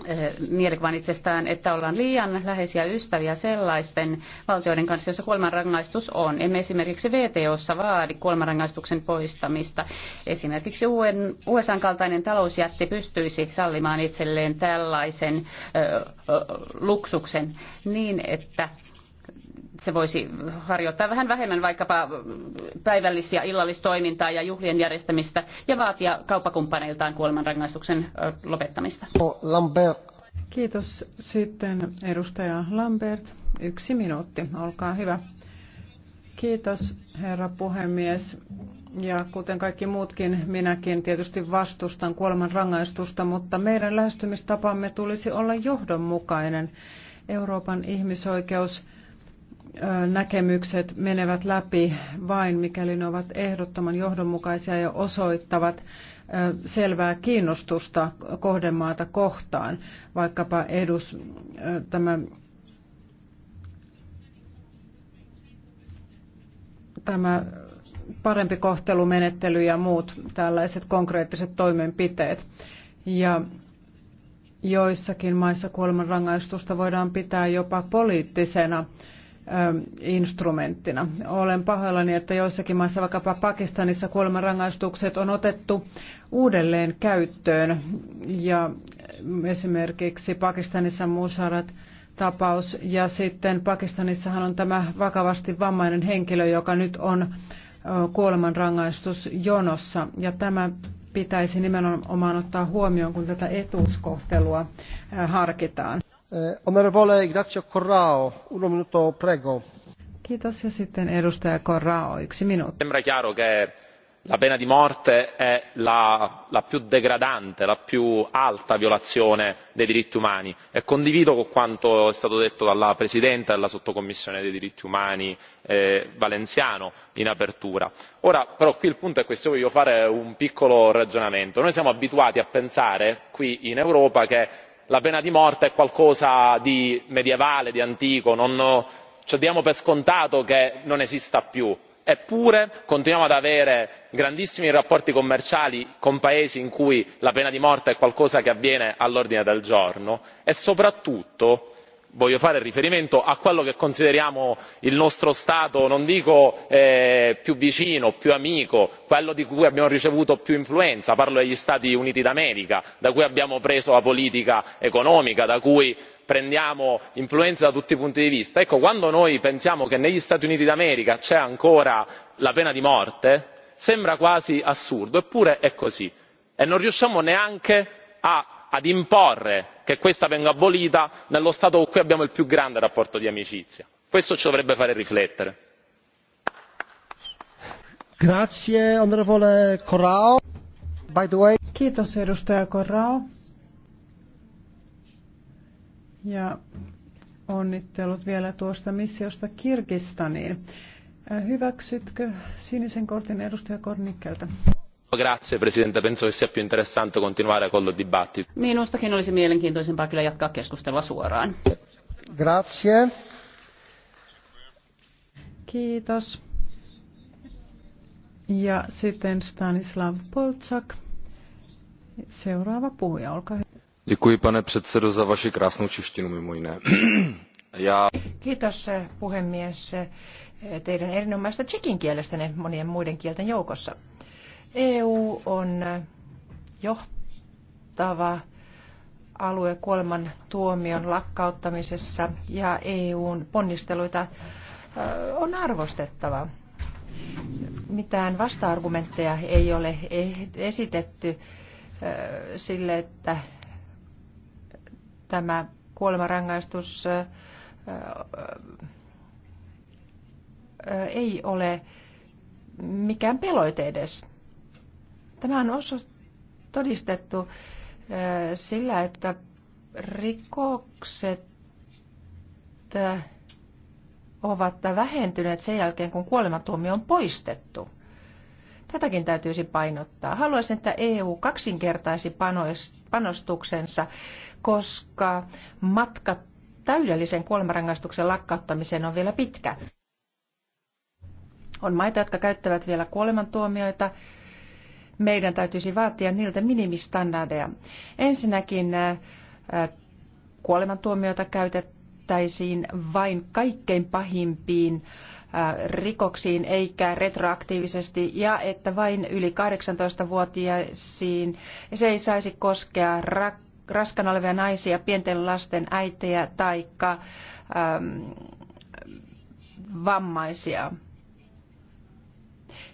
S2: eh, mielikuvan itsestään, että ollaan liian läheisiä ystäviä sellaisten valtioiden kanssa, joissa kuolemanrangaistus on. Emme esimerkiksi VTOssa vaadi kuolemanrangaistuksen poistamista. Esimerkiksi USAn kaltainen talousjätti pystyisi sallimaan itselleen tällaisen ö, eh, ö, eh, luksuksen niin, että se voisi harjoittaa vähän vähemmän vaikkapa päivällis- ja illallistoimintaa ja juhlien järjestämistä ja vaatia kauppakumppaneiltaan kuolemanrangaistuksen lopettamista.
S1: Lambert. Kiitos. Sitten edustaja Lambert. Yksi minuutti. Olkaa hyvä. Kiitos, herra puhemies. Ja kuten kaikki muutkin, minäkin tietysti vastustan kuoleman rangaistusta, mutta meidän lähestymistapamme tulisi olla johdonmukainen. Euroopan ihmisoikeus näkemykset menevät läpi vain, mikäli ne ovat ehdottoman johdonmukaisia ja osoittavat selvää kiinnostusta kohdemaata kohtaan, vaikkapa edus tämä tämä parempi kohtelumenettely ja muut tällaiset konkreettiset toimenpiteet. Ja joissakin maissa kuolemanrangaistusta voidaan pitää jopa poliittisena Ähm, instrumenttina. Olen pahoillani, että joissakin maissa, vaikkapa Pakistanissa, kuolemanrangaistukset on otettu uudelleen käyttöön. Ja esimerkiksi Pakistanissa Musarat tapaus ja sitten Pakistanissahan on tämä vakavasti vammainen henkilö, joka nyt on kuolemanrangaistusjonossa. Ja tämä pitäisi nimenomaan ottaa huomioon, kun tätä etuuskohtelua harkitaan. Eh,
S3: Kiitos ja sitten edustaja
S1: Corrao, yksi
S5: minuutti. Sembra chiaro che la pena di morte è la, la più degradante, la più alta violazione dei diritti umani e condivido con quanto è stato detto dalla Presidente della Sottocommissione dei diritti umani eh, Valenziano in apertura. Ora però qui il punto è questo, io voglio fare un piccolo ragionamento. Noi siamo abituati a pensare qui in Europa che la pena di morte è qualcosa di medievale di antico diamo per scontato che non esista più eppure continuiamo ad avere grandissimi rapporti commerciali con paesi in cui la pena di morte è qualcosa che avviene all'ordine del giorno e soprattutto voglio fare riferimento a quello che consideriamo il nostro stato non dico eh, più vicino più amico quello di cui abbiamo ricevuto più influenza parlo degli stati uniti d'america da cui abbiamo preso la politica economica da cui prendiamo influenza da tutti i punti di vista ecco quando noi pensiamo che negli stati uniti d'america c'è ancora la pena di morte sembra quasi assurdo eppure è così e non riusciamo neanche a ad imporre che questa venga abolita nello stato con cui abbiamo il più grande rapporto di amicizia. questo ci dovrebbe fare riflettere.
S1: Ja onnittelut vielä tuosta missiosta Kirgistaniin. Äh,
S2: hyväksytkö sinisen kortin edustaja Kornikkelta?
S5: Grazie, Presidente. Penso che sia più interessante continuare con
S2: Minustakin olisi mielenkiintoisempaa kyllä jatkaa keskustelua suoraan. Grazie. Kiitos.
S1: Ja sitten Stanislav Polčak. Seuraava puhuja, olkaa hyvä.
S3: Děkuji, pane předsedo, za vaši krásnou češtinu mimo jiné.
S4: Kiitos eh, puhemies eh, teidän erinomaista tsekin monien muiden kielten joukossa. EU on johtava alue kuoleman tuomion lakkauttamisessa ja EUn ponnisteluita on arvostettava. Mitään vasta-argumentteja ei ole eh-, esitetty sille, että tämä kuolemanrangaistus ei ole mikään peloite edes. Tämä on todistettu sillä, että rikokset ovat vähentyneet sen jälkeen, kun kuolematuomio on poistettu. Tätäkin täytyisi painottaa. Haluaisin, että EU kaksinkertaisi panostuksensa, koska matka täydellisen kuolemanrangaistuksen lakkauttamiseen on vielä pitkä. On maita, jotka käyttävät vielä kuolemantuomioita, meidän täytyisi vaatia niiltä minimistandardeja. Ensinnäkin äh, äh, kuolemantuomioita käytettäisiin vain kaikkein pahimpiin äh, rikoksiin eikä retroaktiivisesti ja että vain yli 18-vuotiaisiin se ei saisi koskea rakkautta olevia naisia, pienten lasten äitejä tai ähm, vammaisia.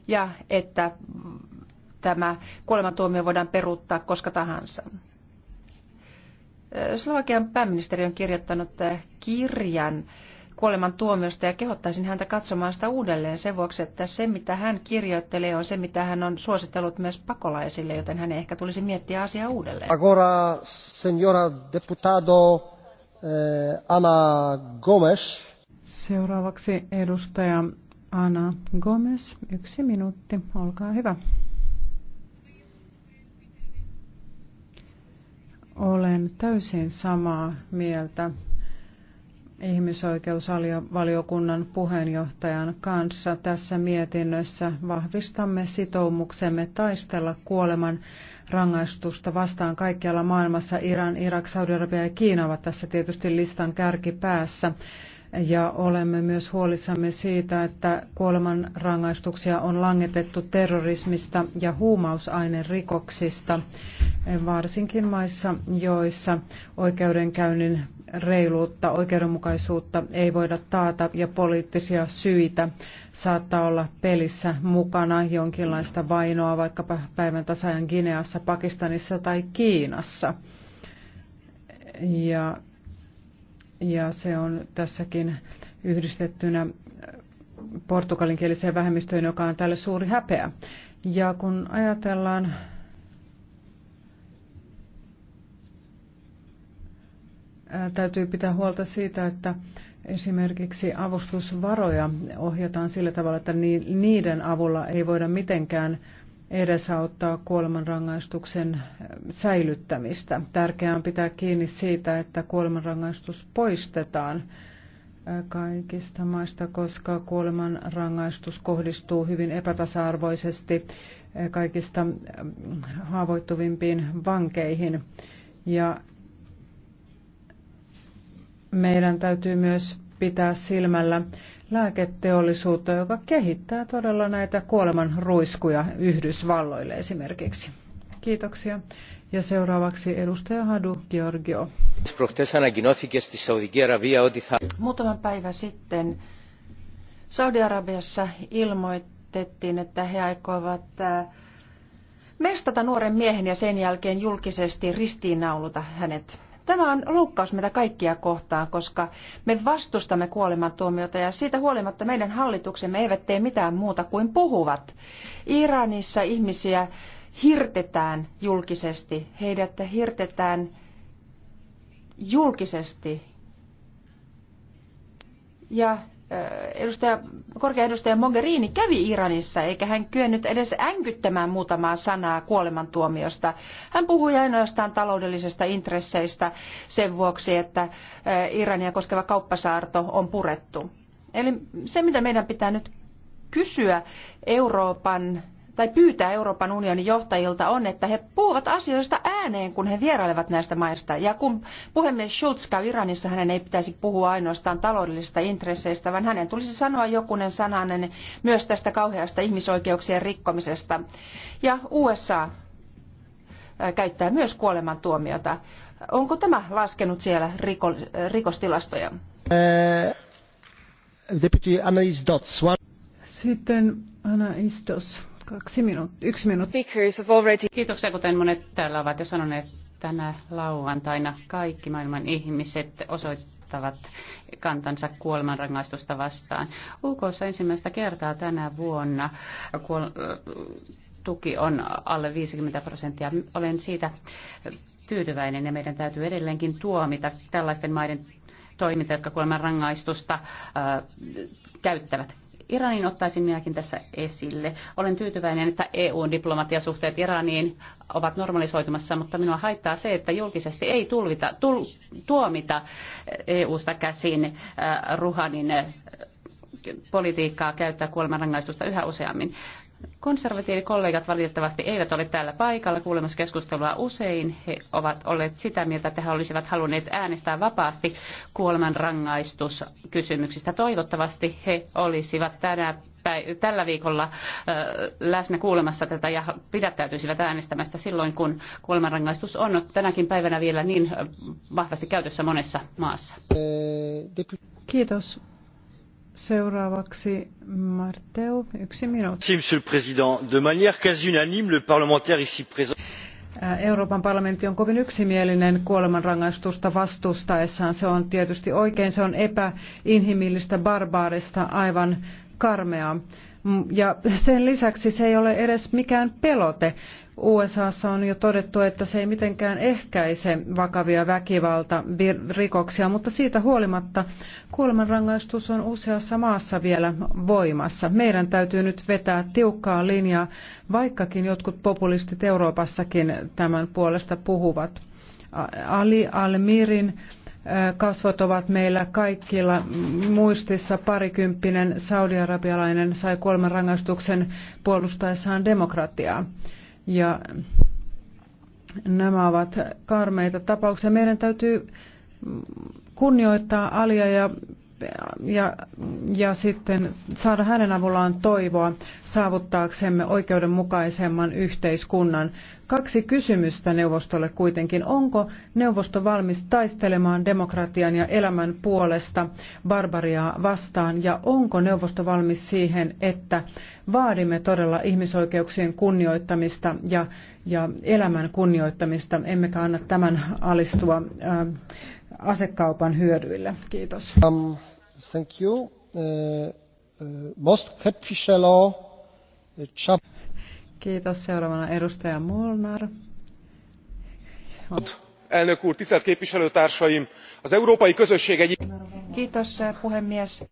S4: Ja että tämä kuolemantuomio voidaan peruuttaa koska tahansa. Slovakian pääministeri on kirjoittanut kirjan kuolemantuomiosta ja kehottaisin häntä katsomaan sitä uudelleen sen vuoksi, että se mitä hän kirjoittelee on se mitä hän on suositellut myös pakolaisille, joten hän ehkä tulisi miettiä asiaa
S3: uudelleen. Agora, senora deputado eh,
S1: Ana Gomes. Seuraavaksi edustaja Ana Gomes, yksi minuutti, olkaa hyvä. Olen täysin samaa mieltä ihmisoikeusvaliokunnan puheenjohtajan kanssa tässä mietinnössä vahvistamme sitoumuksemme taistella kuoleman rangaistusta vastaan kaikkialla maailmassa. Iran, Irak, Saudi-Arabia ja Kiina ovat tässä tietysti listan kärkipäässä ja olemme myös huolissamme siitä, että kuolemanrangaistuksia on langetettu terrorismista ja huumausainerikoksista, varsinkin maissa, joissa oikeudenkäynnin reiluutta, oikeudenmukaisuutta ei voida taata ja poliittisia syitä saattaa olla pelissä mukana jonkinlaista vainoa vaikkapa päivän tasajan Gineassa, Pakistanissa tai Kiinassa. Ja ja se on tässäkin yhdistettynä portugalinkieliseen vähemmistöön, joka on tälle suuri häpeä. Ja kun ajatellaan täytyy pitää huolta siitä, että esimerkiksi avustusvaroja ohjataan sillä tavalla, että niiden avulla ei voida mitenkään edesauttaa kuolemanrangaistuksen äh, säilyttämistä. Tärkeää on pitää kiinni siitä, että kuolemanrangaistus poistetaan äh, kaikista maista, koska kuolemanrangaistus kohdistuu hyvin epätasa-arvoisesti äh, kaikista haavoittuvimpiin vankeihin. Ja meidän täytyy myös pitää silmällä lääketeollisuutta, joka kehittää todella näitä kuoleman ruiskuja Yhdysvalloille esimerkiksi. Kiitoksia. Ja seuraavaksi edustaja Hadu Georgio.
S4: Muutama päivä sitten Saudi-Arabiassa ilmoitettiin, että he aikovat äh, mestata nuoren miehen ja sen jälkeen julkisesti ristiinnauluta hänet. Tämä on loukkaus meitä kaikkia kohtaan, koska me vastustamme kuolemantuomiota ja siitä huolimatta meidän hallituksemme eivät tee mitään muuta kuin puhuvat. Iranissa ihmisiä hirtetään julkisesti, heidät hirtetään julkisesti ja edustaja, korkea edustaja Mogherini kävi Iranissa, eikä hän kyennyt edes änkyttämään muutamaa sanaa kuolemantuomiosta. Hän puhui ainoastaan taloudellisista intresseistä sen vuoksi, että Irania koskeva kauppasaarto on purettu. Eli se, mitä meidän pitää nyt kysyä Euroopan tai pyytää Euroopan unionin johtajilta on, että he puhuvat asioista ääneen, kun he vierailevat näistä maista. Ja kun puhemies Schulz käy Iranissa, hänen ei pitäisi puhua ainoastaan taloudellisista intresseistä, vaan hänen tulisi sanoa jokunen sananen myös tästä kauheasta ihmisoikeuksien rikkomisesta. Ja USA äh, käyttää myös kuolemantuomiota. Onko tämä laskenut siellä riko, äh, rikostilastoja?
S3: Äh, deputy Anna Sitten
S1: Anna Istos. Kaksi minuuttia.
S3: Yksi
S2: minuutti. Kiitoksia, kuten monet täällä ovat jo sanoneet tänä lauantaina kaikki maailman ihmiset osoittavat kantansa kuolemanrangaistusta vastaan. UKssa ensimmäistä kertaa tänä vuonna kuol- tuki on alle 50 prosenttia. Olen siitä tyytyväinen ja meidän täytyy edelleenkin tuomita tällaisten maiden toiminta, jotka kuolemanrangaistusta äh, käyttävät. Iranin ottaisin minäkin tässä esille. Olen tyytyväinen, että EUn diplomatiasuhteet Iraniin ovat normalisoitumassa, mutta minua haittaa se, että julkisesti ei tulvita, tul, tuomita EUsta käsin äh, Ruhanin äh, politiikkaa käyttää kuolemanrangaistusta yhä useammin. Konservatiivikollegat valitettavasti eivät ole täällä paikalla kuulemassa keskustelua usein. He ovat olleet sitä mieltä, että he olisivat halunneet äänestää vapaasti kuoleman rangaistuskysymyksistä. Toivottavasti he olisivat tänä tällä viikolla läsnä kuulemassa tätä ja pidättäytyisivät äänestämästä silloin, kun kuolemanrangaistus on tänäkin päivänä vielä niin vahvasti käytössä monessa maassa.
S1: Kiitos. Monsieur
S3: le Président, de manière quasi unanime, le parlementaire ici présent...
S1: Äh, Euroopan parlamentti on kovin yksimielinen kuolemanrangaistusta vastustaessaan. Se on tietysti oikein, se on epäinhimillistä, barbaarista, aivan karmeaa. Mm, ja sen lisäksi se ei ole edes mikään pelote. USAssa on jo todettu, että se ei mitenkään ehkäise vakavia väkivaltarikoksia, mutta siitä huolimatta kuolemanrangaistus on useassa maassa vielä voimassa. Meidän täytyy nyt vetää tiukkaa linjaa, vaikkakin jotkut populistit Euroopassakin tämän puolesta puhuvat. Ali Almirin äh, kasvot ovat meillä kaikilla muistissa. Parikymppinen saudiarabialainen sai kolmen rangaistuksen puolustaessaan demokratiaa. Ja nämä ovat karmeita tapauksia. Meidän täytyy kunnioittaa Alia ja, ja, ja sitten saada hänen avullaan toivoa saavuttaaksemme oikeudenmukaisemman yhteiskunnan. Kaksi kysymystä neuvostolle kuitenkin. Onko neuvosto valmis taistelemaan demokratian ja elämän puolesta barbariaa vastaan ja onko neuvosto valmis siihen, että vaadimme todella ihmisoikeuksien kunnioittamista ja, ja elämän kunnioittamista, emmekä anna tämän alistua äh, asekaupan hyödyille. Kiitos. Um, thank you. Uh, uh, most uh, Kiitos. Seuraavana edustaja Molnar.
S4: Elnök úr, tisztelt képviselőtársaim! Az európai közösség egyik... Kiitos eh, puhemies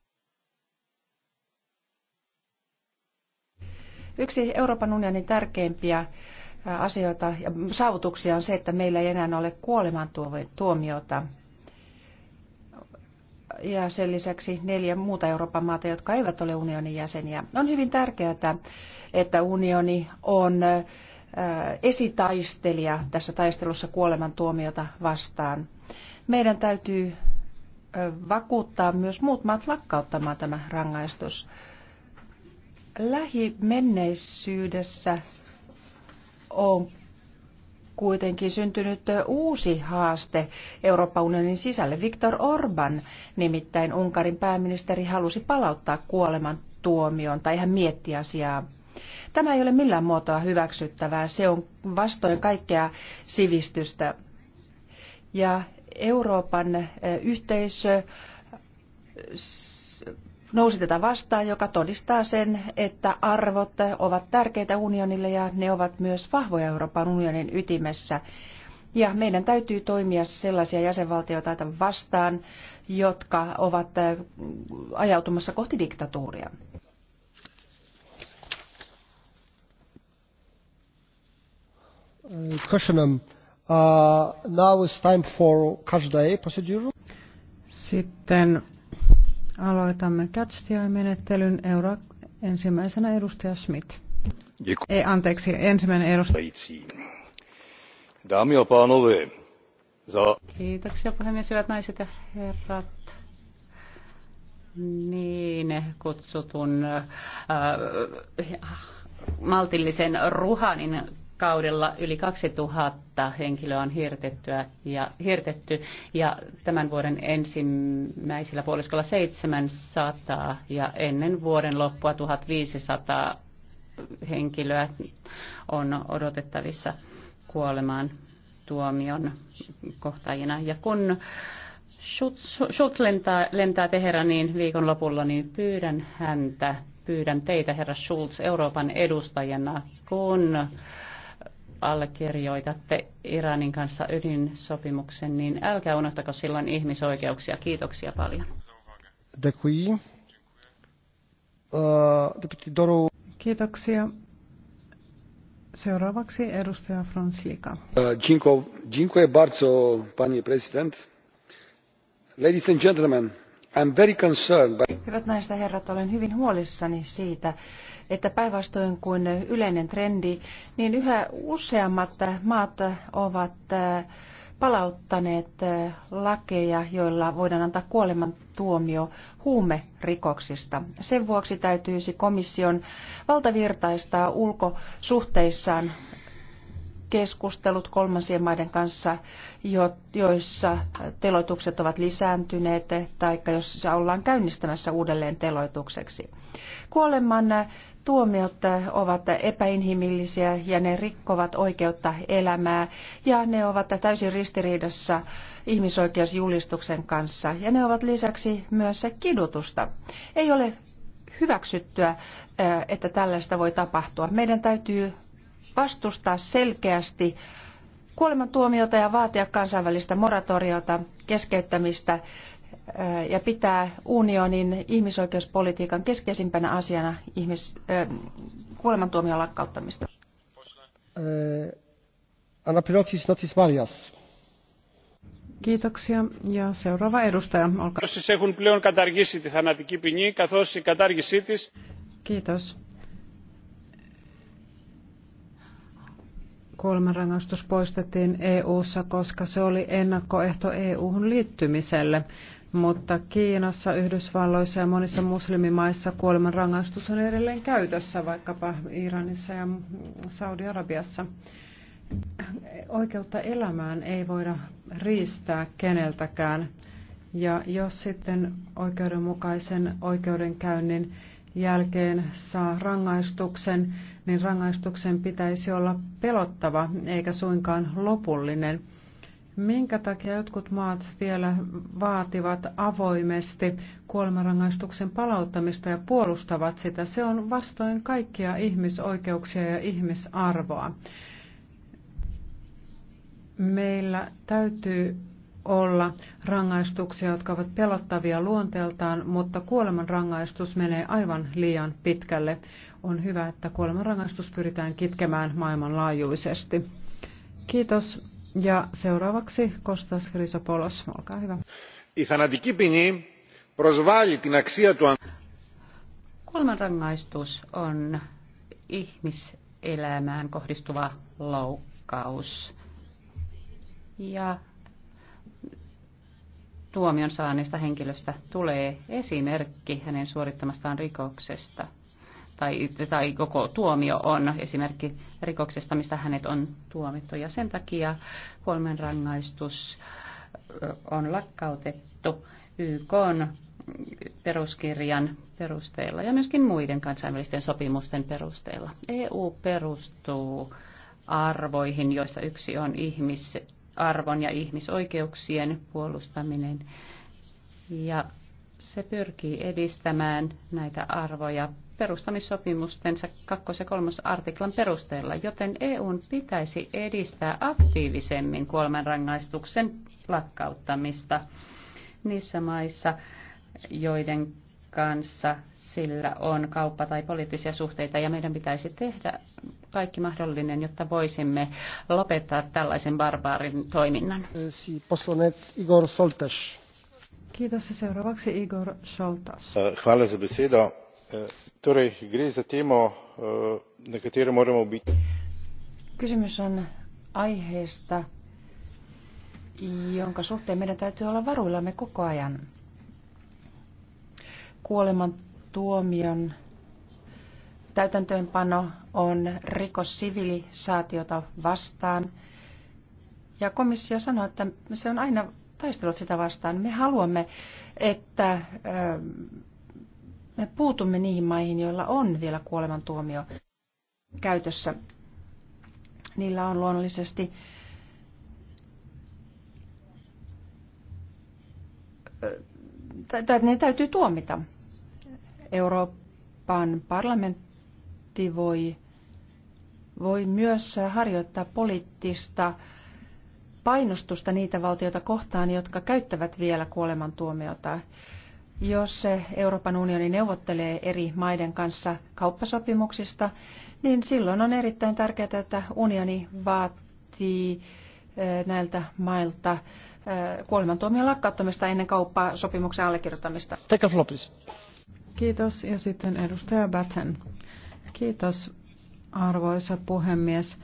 S4: Yksi Euroopan unionin tärkeimpiä asioita ja saavutuksia on se, että meillä ei enää ole kuolemantuomiota. Ja sen lisäksi neljä muuta Euroopan maata, jotka eivät ole unionin jäseniä. On hyvin tärkeää, että unioni on esitaistelija tässä taistelussa kuolemantuomiota vastaan. Meidän täytyy vakuuttaa myös muut maat lakkauttamaan tämä rangaistus. Lähimenneisyydessä on kuitenkin syntynyt uusi haaste Euroopan unionin sisälle. Viktor Orban, nimittäin Unkarin pääministeri, halusi palauttaa kuoleman tuomion tai hän mietti asiaa. Tämä ei ole millään muotoa hyväksyttävää. Se on vastoin kaikkea sivistystä. Ja Euroopan eh, yhteisö nousi tätä vastaan, joka todistaa sen, että arvot ovat tärkeitä unionille ja ne ovat myös vahvoja Euroopan unionin ytimessä. Ja meidän täytyy toimia sellaisia jäsenvaltioita vastaan, jotka ovat äh, ajautumassa kohti diktatuuria.
S3: Äh,
S1: äh, now it's time for Sitten Aloitamme catch-menettelyn. Euro... Ensimmäisenä edustaja Schmidt. Ei, eh, anteeksi, ensimmäinen edustaja.
S2: Kiitoksia puhemies, hyvät naiset ja herrat. Niin, kutsutun äh, maltillisen ruhanin kaudella yli 2000 henkilöä on hirtettyä ja, hirtetty ja tämän vuoden ensimmäisellä puoliskolla 700 ja ennen vuoden loppua 1500 henkilöä on odotettavissa kuolemaan tuomion kohtajina. Ja kun Schultz lentää, lentää Teheraniin viikonlopulla, niin pyydän häntä, pyydän teitä, herra Schultz, Euroopan edustajana, kun allekirjoitatte Iranin kanssa ydinsopimuksen, niin älkää unohtako silloin ihmisoikeuksia. Kiitoksia paljon.
S3: Eh,
S1: Kiitoksia. Seuraavaksi edustaja Frans Lika.
S3: Eh, dziękuję bardzo, panie president. Ladies and gentlemen, I'm very concerned by...
S4: Hyvät naiset ja herrat, olen hyvin huolissani siitä, että päinvastoin kuin yleinen trendi, niin yhä useammat maat ovat äh, palauttaneet äh, lakeja, joilla voidaan antaa tuomio huumerikoksista. Sen vuoksi täytyisi komission valtavirtaistaa ulkosuhteissaan keskustelut kolmansien maiden kanssa, joissa teloitukset ovat lisääntyneet tai joissa ollaan käynnistämässä uudelleen teloitukseksi. Kuoleman tuomiot ovat epäinhimillisiä ja ne rikkovat oikeutta elämää ja ne ovat täysin ristiriidassa ihmisoikeusjulistuksen kanssa ja ne ovat lisäksi myös kidutusta. Ei ole hyväksyttyä, että tällaista voi tapahtua. Meidän täytyy vastustaa selkeästi kuolemantuomiota ja vaatia kansainvälistä moratoriota, keskeyttämistä äh, ja pitää unionin ihmisoikeuspolitiikan keskeisimpänä asiana ihmis, äh, kuolemantuomion lakkauttamista.
S3: Äh, Kiitoksia. Ja seuraava edustaja, olkaa.
S1: Kiitos. kuolemanrangaistus poistettiin EU:ssa, koska se oli ennakkoehto EU:hun liittymiselle. Mutta Kiinassa, Yhdysvalloissa ja monissa muslimimaissa kuolemanrangaistus on edelleen käytössä, vaikkapa Iranissa ja Saudi-Arabiassa. Oikeutta elämään ei voida riistää keneltäkään. Ja jos sitten oikeudenmukaisen oikeudenkäynnin jälkeen saa rangaistuksen, niin rangaistuksen pitäisi olla pelottava eikä suinkaan lopullinen. Minkä takia jotkut maat vielä vaativat avoimesti kuolemanrangaistuksen palauttamista ja puolustavat sitä? Se on vastoin kaikkia ihmisoikeuksia ja ihmisarvoa. Meillä täytyy olla rangaistuksia, jotka ovat pelottavia luonteeltaan, mutta kuolemanrangaistus menee aivan liian pitkälle. On hyvä, että kuolemanrangaistus pyritään kitkemään maailmanlaajuisesti. Kiitos. Ja seuraavaksi Kostas Chrysopolos, olkaa hyvä.
S3: Η θανατική ποινή προσβάλλει την αξία του
S2: on ihmiselämään kohdistuva loukkaus. Ja tuomion saaneesta henkilöstä tulee esimerkki hänen suorittamastaan rikoksesta. Tai, tai koko tuomio on esimerkki rikoksesta, mistä hänet on tuomittu. Ja sen takia kuolemanrangaistus on lakkautettu YK peruskirjan perusteella ja myöskin muiden kansainvälisten sopimusten perusteella. EU perustuu arvoihin, joista yksi on ihmis, arvon ja ihmisoikeuksien puolustaminen. Ja se pyrkii edistämään näitä arvoja perustamissopimustensa kakkos- ja kolmosartiklan perusteella, joten EUn pitäisi edistää aktiivisemmin kuolemanrangaistuksen lakkauttamista niissä maissa, joiden kanssa sillä on kauppa- tai poliittisia suhteita, ja meidän pitäisi tehdä kaikki mahdollinen, jotta voisimme lopettaa tällaisen barbaarin toiminnan. Poslanec Igor Soltas.
S3: Kiitos. Seuraavaksi Igor Soltas. Eh, hvala za besedo. Eh, torej, gre za temo, eh, na katero moramo biti.
S4: Kysymys on aiheesta, jonka suhteen meidän täytyy olla varuillamme koko ajan kuoleman tuomion täytäntöönpano on rikos sivilisaatiota vastaan. Ja komissio sanoo, että se on aina taistellut sitä vastaan. Me haluamme, että ähm, me puutumme niihin maihin, joilla on vielä kuolemantuomio käytössä. Niillä on luonnollisesti äh, tai ne täytyy tuomita. Euroopan parlamentti voi, voi myös harjoittaa poliittista painostusta niitä valtioita kohtaan, jotka käyttävät vielä kuolemantuomiota. Jos Euroopan unioni neuvottelee eri maiden kanssa kauppasopimuksista, niin silloin on erittäin tärkeää, että unioni vaatii eh, näiltä mailta eh, kuolemantuomion lakkauttamista ennen kauppasopimuksen sopimuksen allekirjoittamista.
S1: Take a Kiitos. Ja sitten edustaja Batten. Kiitos, arvoisa puhemies.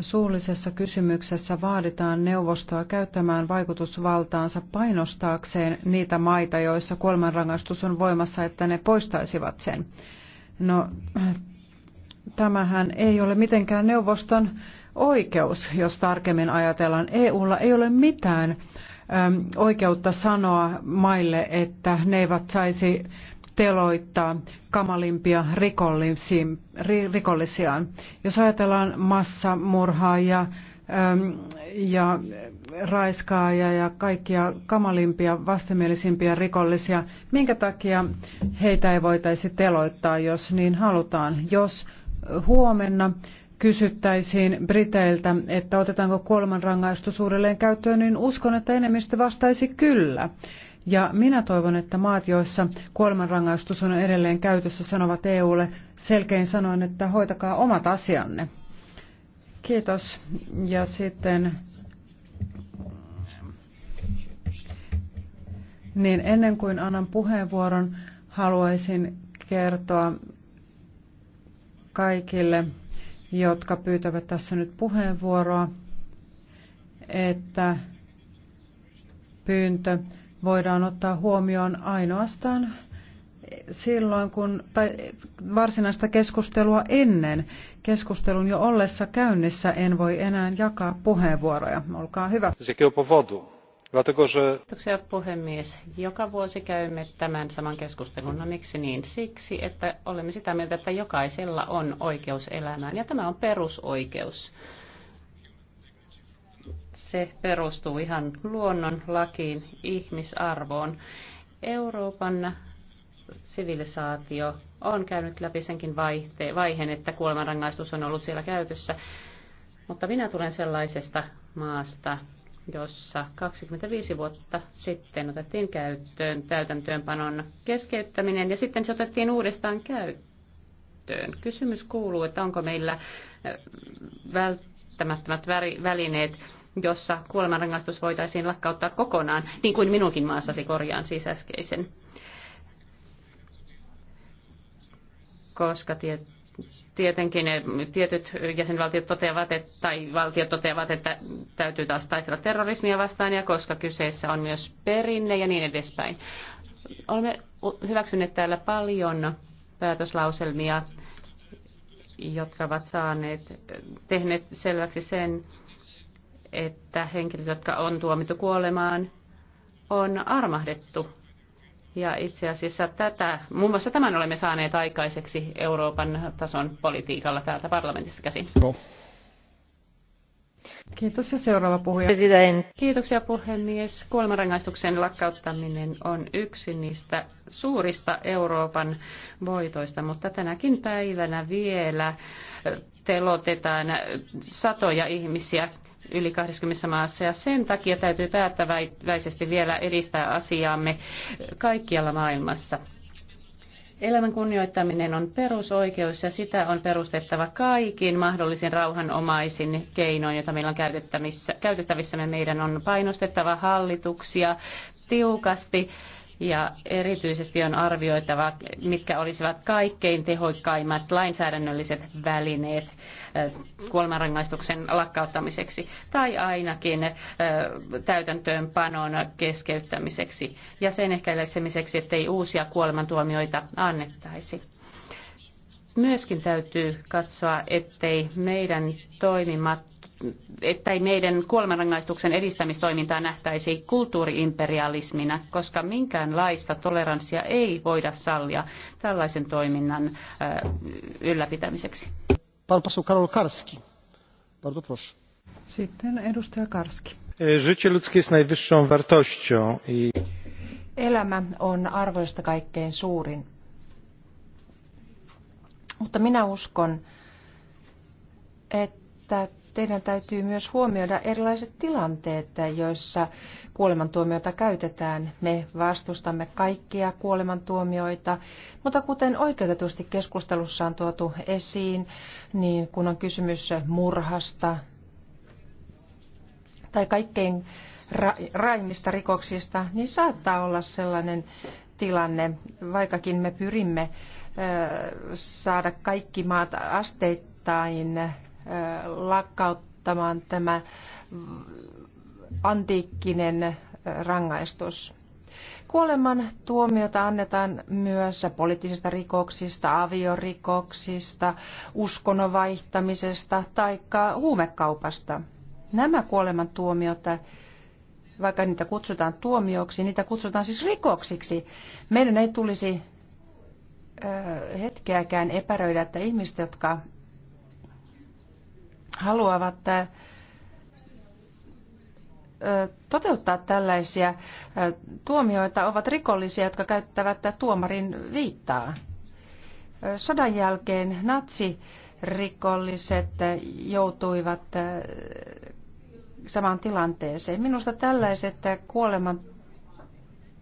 S1: Suullisessa kysymyksessä vaaditaan neuvostoa käyttämään vaikutusvaltaansa painostaakseen niitä maita, joissa kuolemanrangaistus on voimassa, että ne poistaisivat sen. No, tämähän ei ole mitenkään neuvoston oikeus, jos tarkemmin ajatellaan. EUlla ei ole mitään oikeutta sanoa maille, että ne eivät saisi teloittaa kamalimpia rikollisiaan. Jos ajatellaan massamurhaa ja, ja raiskaajia ja kaikkia kamalimpia, vastenmielisimpiä rikollisia, minkä takia heitä ei voitaisi teloittaa, jos niin halutaan? Jos huomenna kysyttäisiin Briteiltä, että otetaanko kuolemanrangaistus uudelleen käyttöön, niin uskon, että enemmistö vastaisi kyllä. Ja minä toivon, että maat, joissa kuolemanrangaistus on edelleen käytössä, sanovat EUlle selkein sanoen, että hoitakaa omat asianne. Kiitos. Ja sitten niin ennen kuin annan puheenvuoron, haluaisin kertoa kaikille, jotka pyytävät tässä nyt puheenvuoroa, että pyyntö voidaan ottaa huomioon ainoastaan silloin, kun, tai varsinaista keskustelua ennen keskustelun jo ollessa käynnissä en voi enää jakaa puheenvuoroja. Olkaa hyvä.
S3: Kiitoksia
S2: puhemies. Joka vuosi käymme tämän saman keskustelun. No miksi niin? Siksi, että olemme sitä mieltä, että jokaisella on oikeus elämään ja tämä on perusoikeus se perustuu ihan luonnon lakiin, ihmisarvoon. Euroopan sivilisaatio on käynyt läpi senkin vaihte- vaiheen, että kuolemanrangaistus on ollut siellä käytössä. Mutta minä tulen sellaisesta maasta, jossa 25 vuotta sitten otettiin käyttöön täytäntöönpanon keskeyttäminen ja sitten se otettiin uudestaan käyttöön. Kysymys kuuluu, että onko meillä välttämättömät välineet jossa kuolemanrangaistus voitaisiin lakkauttaa kokonaan, niin kuin minunkin maassasi korjaan siis äskeisen. Koska tietysti tietenkin eh, tietyt jäsenvaltiot toteavat, että, tai valtiot toteavat, että täytyy taas taistella terrorismia vastaan, ja koska kyseessä on myös perinne ja niin edespäin. Olemme hyväksyneet täällä paljon päätöslauselmia, jotka ovat saaneet, tehneet selväksi sen, että henkilöt, jotka on tuomittu kuolemaan, on armahdettu. Ja itse asiassa tätä, muun muassa tämän olemme saaneet aikaiseksi Euroopan tason politiikalla täältä parlamentista käsin. No. Kiitos ja seuraava puhuja. President. Kiitoksia puhemies. Kuolemanrangaistuksen lakkauttaminen on yksi niistä suurista Euroopan voitoista, mutta tänäkin päivänä vielä telotetaan satoja ihmisiä yli 20 maassa ja sen takia täytyy päättäväisesti vielä edistää asiaamme kaikkialla maailmassa. Elämän kunnioittaminen on perusoikeus ja sitä on perustettava kaikin mahdollisin rauhanomaisin keinoin, joita meillä on käytettävissä. Meidän on painostettava hallituksia tiukasti ja erityisesti on arvioitava, mitkä olisivat kaikkein tehokkaimmat lainsäädännölliset välineet eh, kuolemanrangaistuksen lakkauttamiseksi tai ainakin eh, täytäntöönpanon keskeyttämiseksi ja sen ehkäisemiseksi, ettei uusia kuolemantuomioita annettaisi. Myöskin täytyy katsoa, ettei meidän toimimatta että ei meidän kuolemanrangaistuksen edistämistoimintaa nähtäisi kulttuuriimperialismina, koska minkäänlaista toleranssia ei voida sallia tällaisen toiminnan ylläpitämiseksi.
S3: Palpasu Karol Karski. Bardzo proszę.
S1: Sitten edustaja Karski.
S3: E, życie ludzkie jest najwyższą wartością. I...
S1: Elämä
S4: on arvoista kaikkein suurin. Mutta minä uskon, että teidän täytyy myös huomioida erilaiset tilanteet, joissa kuolemantuomioita käytetään. Me vastustamme kaikkia kuolemantuomioita, mutta kuten oikeutetusti keskustelussa on tuotu esiin, niin kun on kysymys murhasta tai kaikkein ra- raimmista rikoksista, niin saattaa olla sellainen tilanne, vaikkakin me pyrimme saada kaikki maat asteittain lakkauttamaan tämä antiikkinen rangaistus. Kuoleman tuomiota annetaan myös poliittisista rikoksista, aviorikoksista, uskonnon tai huumekaupasta. Nämä kuoleman tuomiot, vaikka niitä kutsutaan tuomioksi, niitä kutsutaan siis rikoksiksi. Meidän ei tulisi hetkeäkään epäröidä, että ihmiset, jotka haluavat toteuttaa tällaisia tuomioita ovat rikollisia, jotka käyttävät tuomarin viittaa. Sodan jälkeen natsirikolliset joutuivat samaan tilanteeseen. Minusta tällaiset kuoleman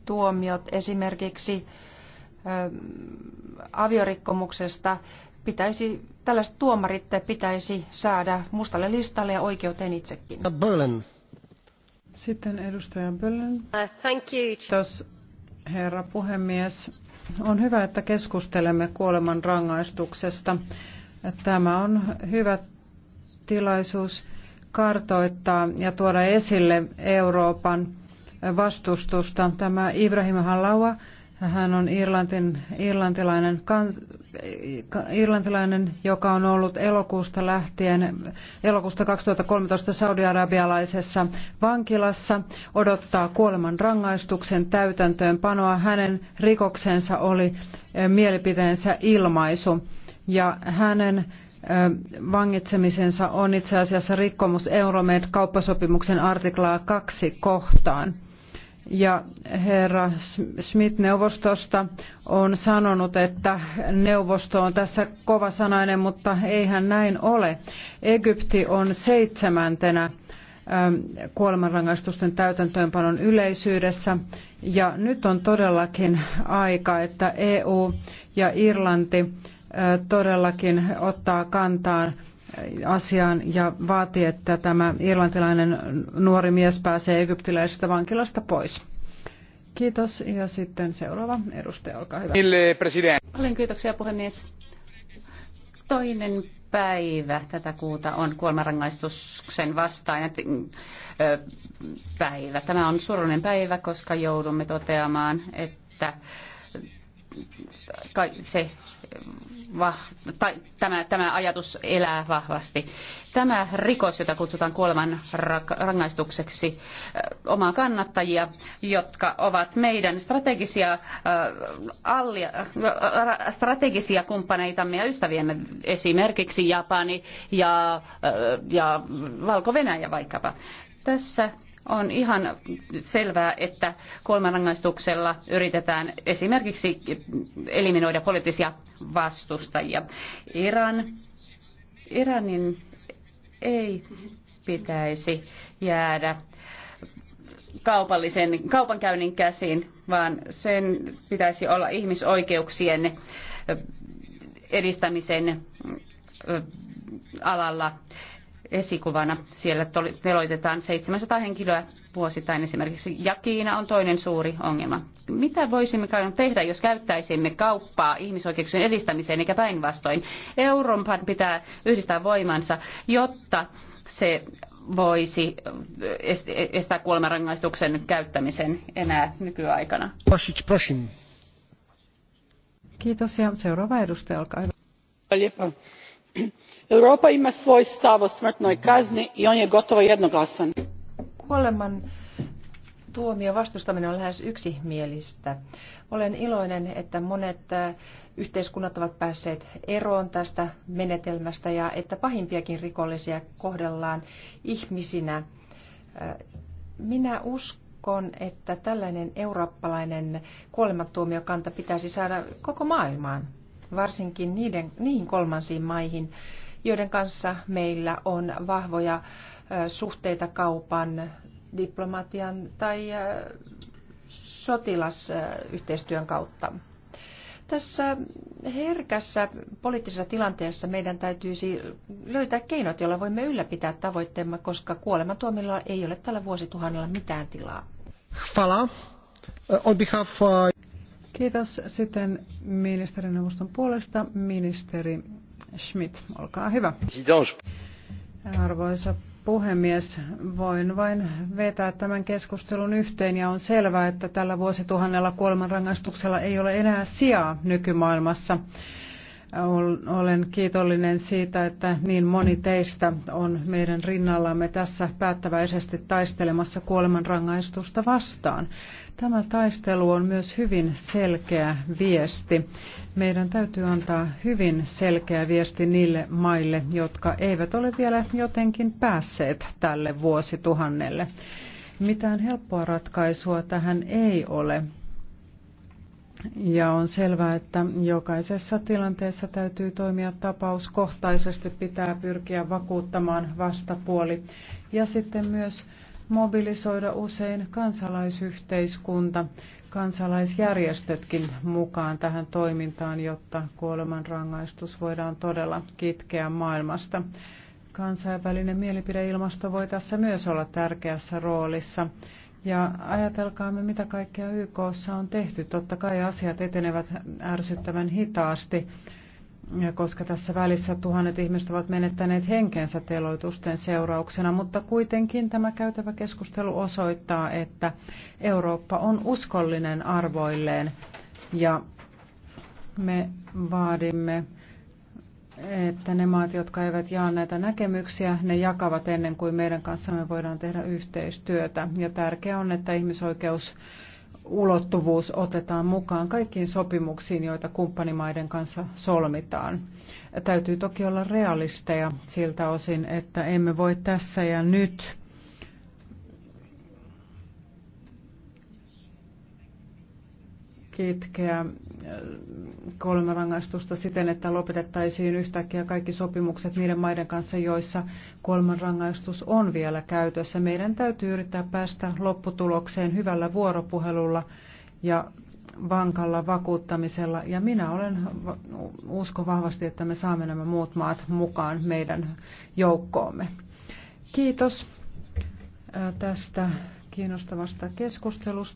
S4: tuomiot esimerkiksi aviorikkomuksesta pitäisi, tällaiset tuomarit pitäisi saada mustalle listalle ja oikeuteen itsekin.
S3: Böllen.
S1: Sitten edustaja Böllen. Uh, thank you. Kiitos, herra puhemies. On hyvä, että keskustelemme kuoleman rangaistuksesta. Tämä on hyvä tilaisuus kartoittaa ja tuoda esille Euroopan vastustusta. Tämä Ibrahim Halawa hän on Irlantin, irlantilainen, kan, irlantilainen, joka on ollut elokuusta lähtien, elokuusta 2013 Arabialaisessa vankilassa, odottaa kuoleman rangaistuksen täytäntöönpanoa. Hänen rikoksensa oli mielipiteensä ilmaisu ja hänen vangitsemisensa on itse asiassa rikkomus Euromed kauppasopimuksen artiklaa 2 kohtaan. Ja herra Smith neuvostosta on sanonut, että neuvosto on tässä kovasanainen, mutta eihän näin ole. Egypti on seitsemäntenä ähm, kuolemanrangaistusten täytäntöönpanon yleisyydessä. Ja nyt on todellakin aika, että EU ja Irlanti äh, todellakin ottaa kantaan asiaan ja vaati, että tämä irlantilainen nuori mies pääsee egyptiläisestä vankilasta pois. Kiitos. Ja sitten
S2: seuraava edustaja, olkaa hyvä. Olen kiitoksia puhemies. Toinen päivä tätä kuuta on kuolemanrangaistuksen vastainen päivä. Tämä on surullinen päivä, koska joudumme toteamaan, että se tai, tämä, tämä ajatus elää vahvasti. Tämä rikos, jota kutsutaan kuoleman rangaistukseksi, omaa kannattajia, jotka ovat meidän strategisia, äh, allia, äh, strategisia kumppaneitamme ja ystäviemme, esimerkiksi Japani ja, äh, ja Valko-Venäjä vaikkapa. Tässä on ihan selvää, että kuolemanrangaistuksella yritetään esimerkiksi eliminoida poliittisia vastustajia. Iran, Iranin ei pitäisi jäädä kaupallisen, kaupankäynnin käsiin, vaan sen pitäisi olla ihmisoikeuksien edistämisen alalla esikuvana. Siellä teloitetaan 700 henkilöä vuosittain esimerkiksi, ja Kiina on toinen suuri ongelma. Mitä voisimme tehdä, jos käyttäisimme kauppaa ihmisoikeuksien edistämiseen eikä päinvastoin? Euroopan pitää yhdistää voimansa, jotta se voisi eh, eh, estää kuolemanrangaistuksen käyttämisen enää nykyaikana.
S1: Kiitos ja seuraava edustaja, olkaa
S2: hyvä europa ima svoj stav o smrtnoj kazni i on je gotovo jednoglasan.
S4: kuoleman tuomion vastustaminen on lähes yksimielistä. Olen iloinen, että monet äh, yhteiskunnat ovat päässeet eroon tästä menetelmästä ja että pahimpiakin rikollisia kohdellaan ihmisinä. Äh, minä uskon, että tällainen eurooppalainen kuolemantuomiokanta pitäisi saada koko maailmaan, varsinkin niiden, niihin kolmansiin maihin, joiden kanssa meillä on vahvoja suhteita kaupan, diplomatian tai sotilasyhteistyön kautta. Tässä herkässä poliittisessa tilanteessa meidän täytyisi löytää keinot, joilla voimme ylläpitää tavoitteemme, koska kuolemantuomilla ei ole tällä vuosituhannella mitään tilaa.
S1: Fala. Eh, on behalf of... Kiitos. Sitten ministerineuvoston puolesta ministeri Schmidt, olkaa hyvä. Arvoisa puhemies, voin vain vetää tämän keskustelun yhteen ja on selvää, että tällä vuosituhannella kuolemanrangaistuksella ei ole enää sijaa nykymaailmassa. Olen kiitollinen siitä, että niin moni teistä on meidän rinnallamme tässä päättäväisesti taistelemassa kuolemanrangaistusta vastaan. Tämä taistelu on myös hyvin selkeä viesti. Meidän täytyy antaa hyvin selkeä viesti niille maille, jotka eivät ole vielä jotenkin päässeet tälle vuosituhannelle. Mitään helppoa ratkaisua tähän ei ole. Ja on selvää, että jokaisessa tilanteessa täytyy toimia tapauskohtaisesti, pitää pyrkiä vakuuttamaan vastapuoli ja sitten myös mobilisoida usein kansalaisyhteiskunta, kansalaisjärjestötkin mukaan tähän toimintaan, jotta kuolemanrangaistus voidaan todella kitkeä maailmasta. Kansainvälinen mielipideilmasto voi tässä myös olla tärkeässä roolissa. Ja ajatelkaamme, mitä kaikkea YKssa on tehty. Totta kai asiat etenevät ärsyttävän hitaasti, koska tässä välissä tuhannet ihmiset ovat menettäneet henkensä teloitusten seurauksena, mutta kuitenkin tämä käytävä keskustelu osoittaa, että Eurooppa on uskollinen arvoilleen ja me vaadimme että ne maat, jotka eivät jaa näitä näkemyksiä, ne jakavat ennen kuin meidän kanssamme voidaan tehdä yhteistyötä. Ja tärkeää on, että ihmisoikeus ulottuvuus otetaan mukaan kaikkiin sopimuksiin, joita kumppanimaiden kanssa solmitaan. Täytyy toki olla realisteja siltä osin, että emme voi tässä ja nyt kitkeä kuolemanrangaistusta siten, että lopetettaisiin yhtäkkiä kaikki sopimukset niiden maiden kanssa, joissa kuolemanrangaistus on vielä käytössä. Meidän täytyy yrittää päästä lopputulokseen hyvällä vuoropuhelulla ja vankalla vakuuttamisella. Ja minä olen usko vahvasti, että me saamme nämä muut maat mukaan meidän joukkoomme. Kiitos tästä kiinnostavasta keskustelusta.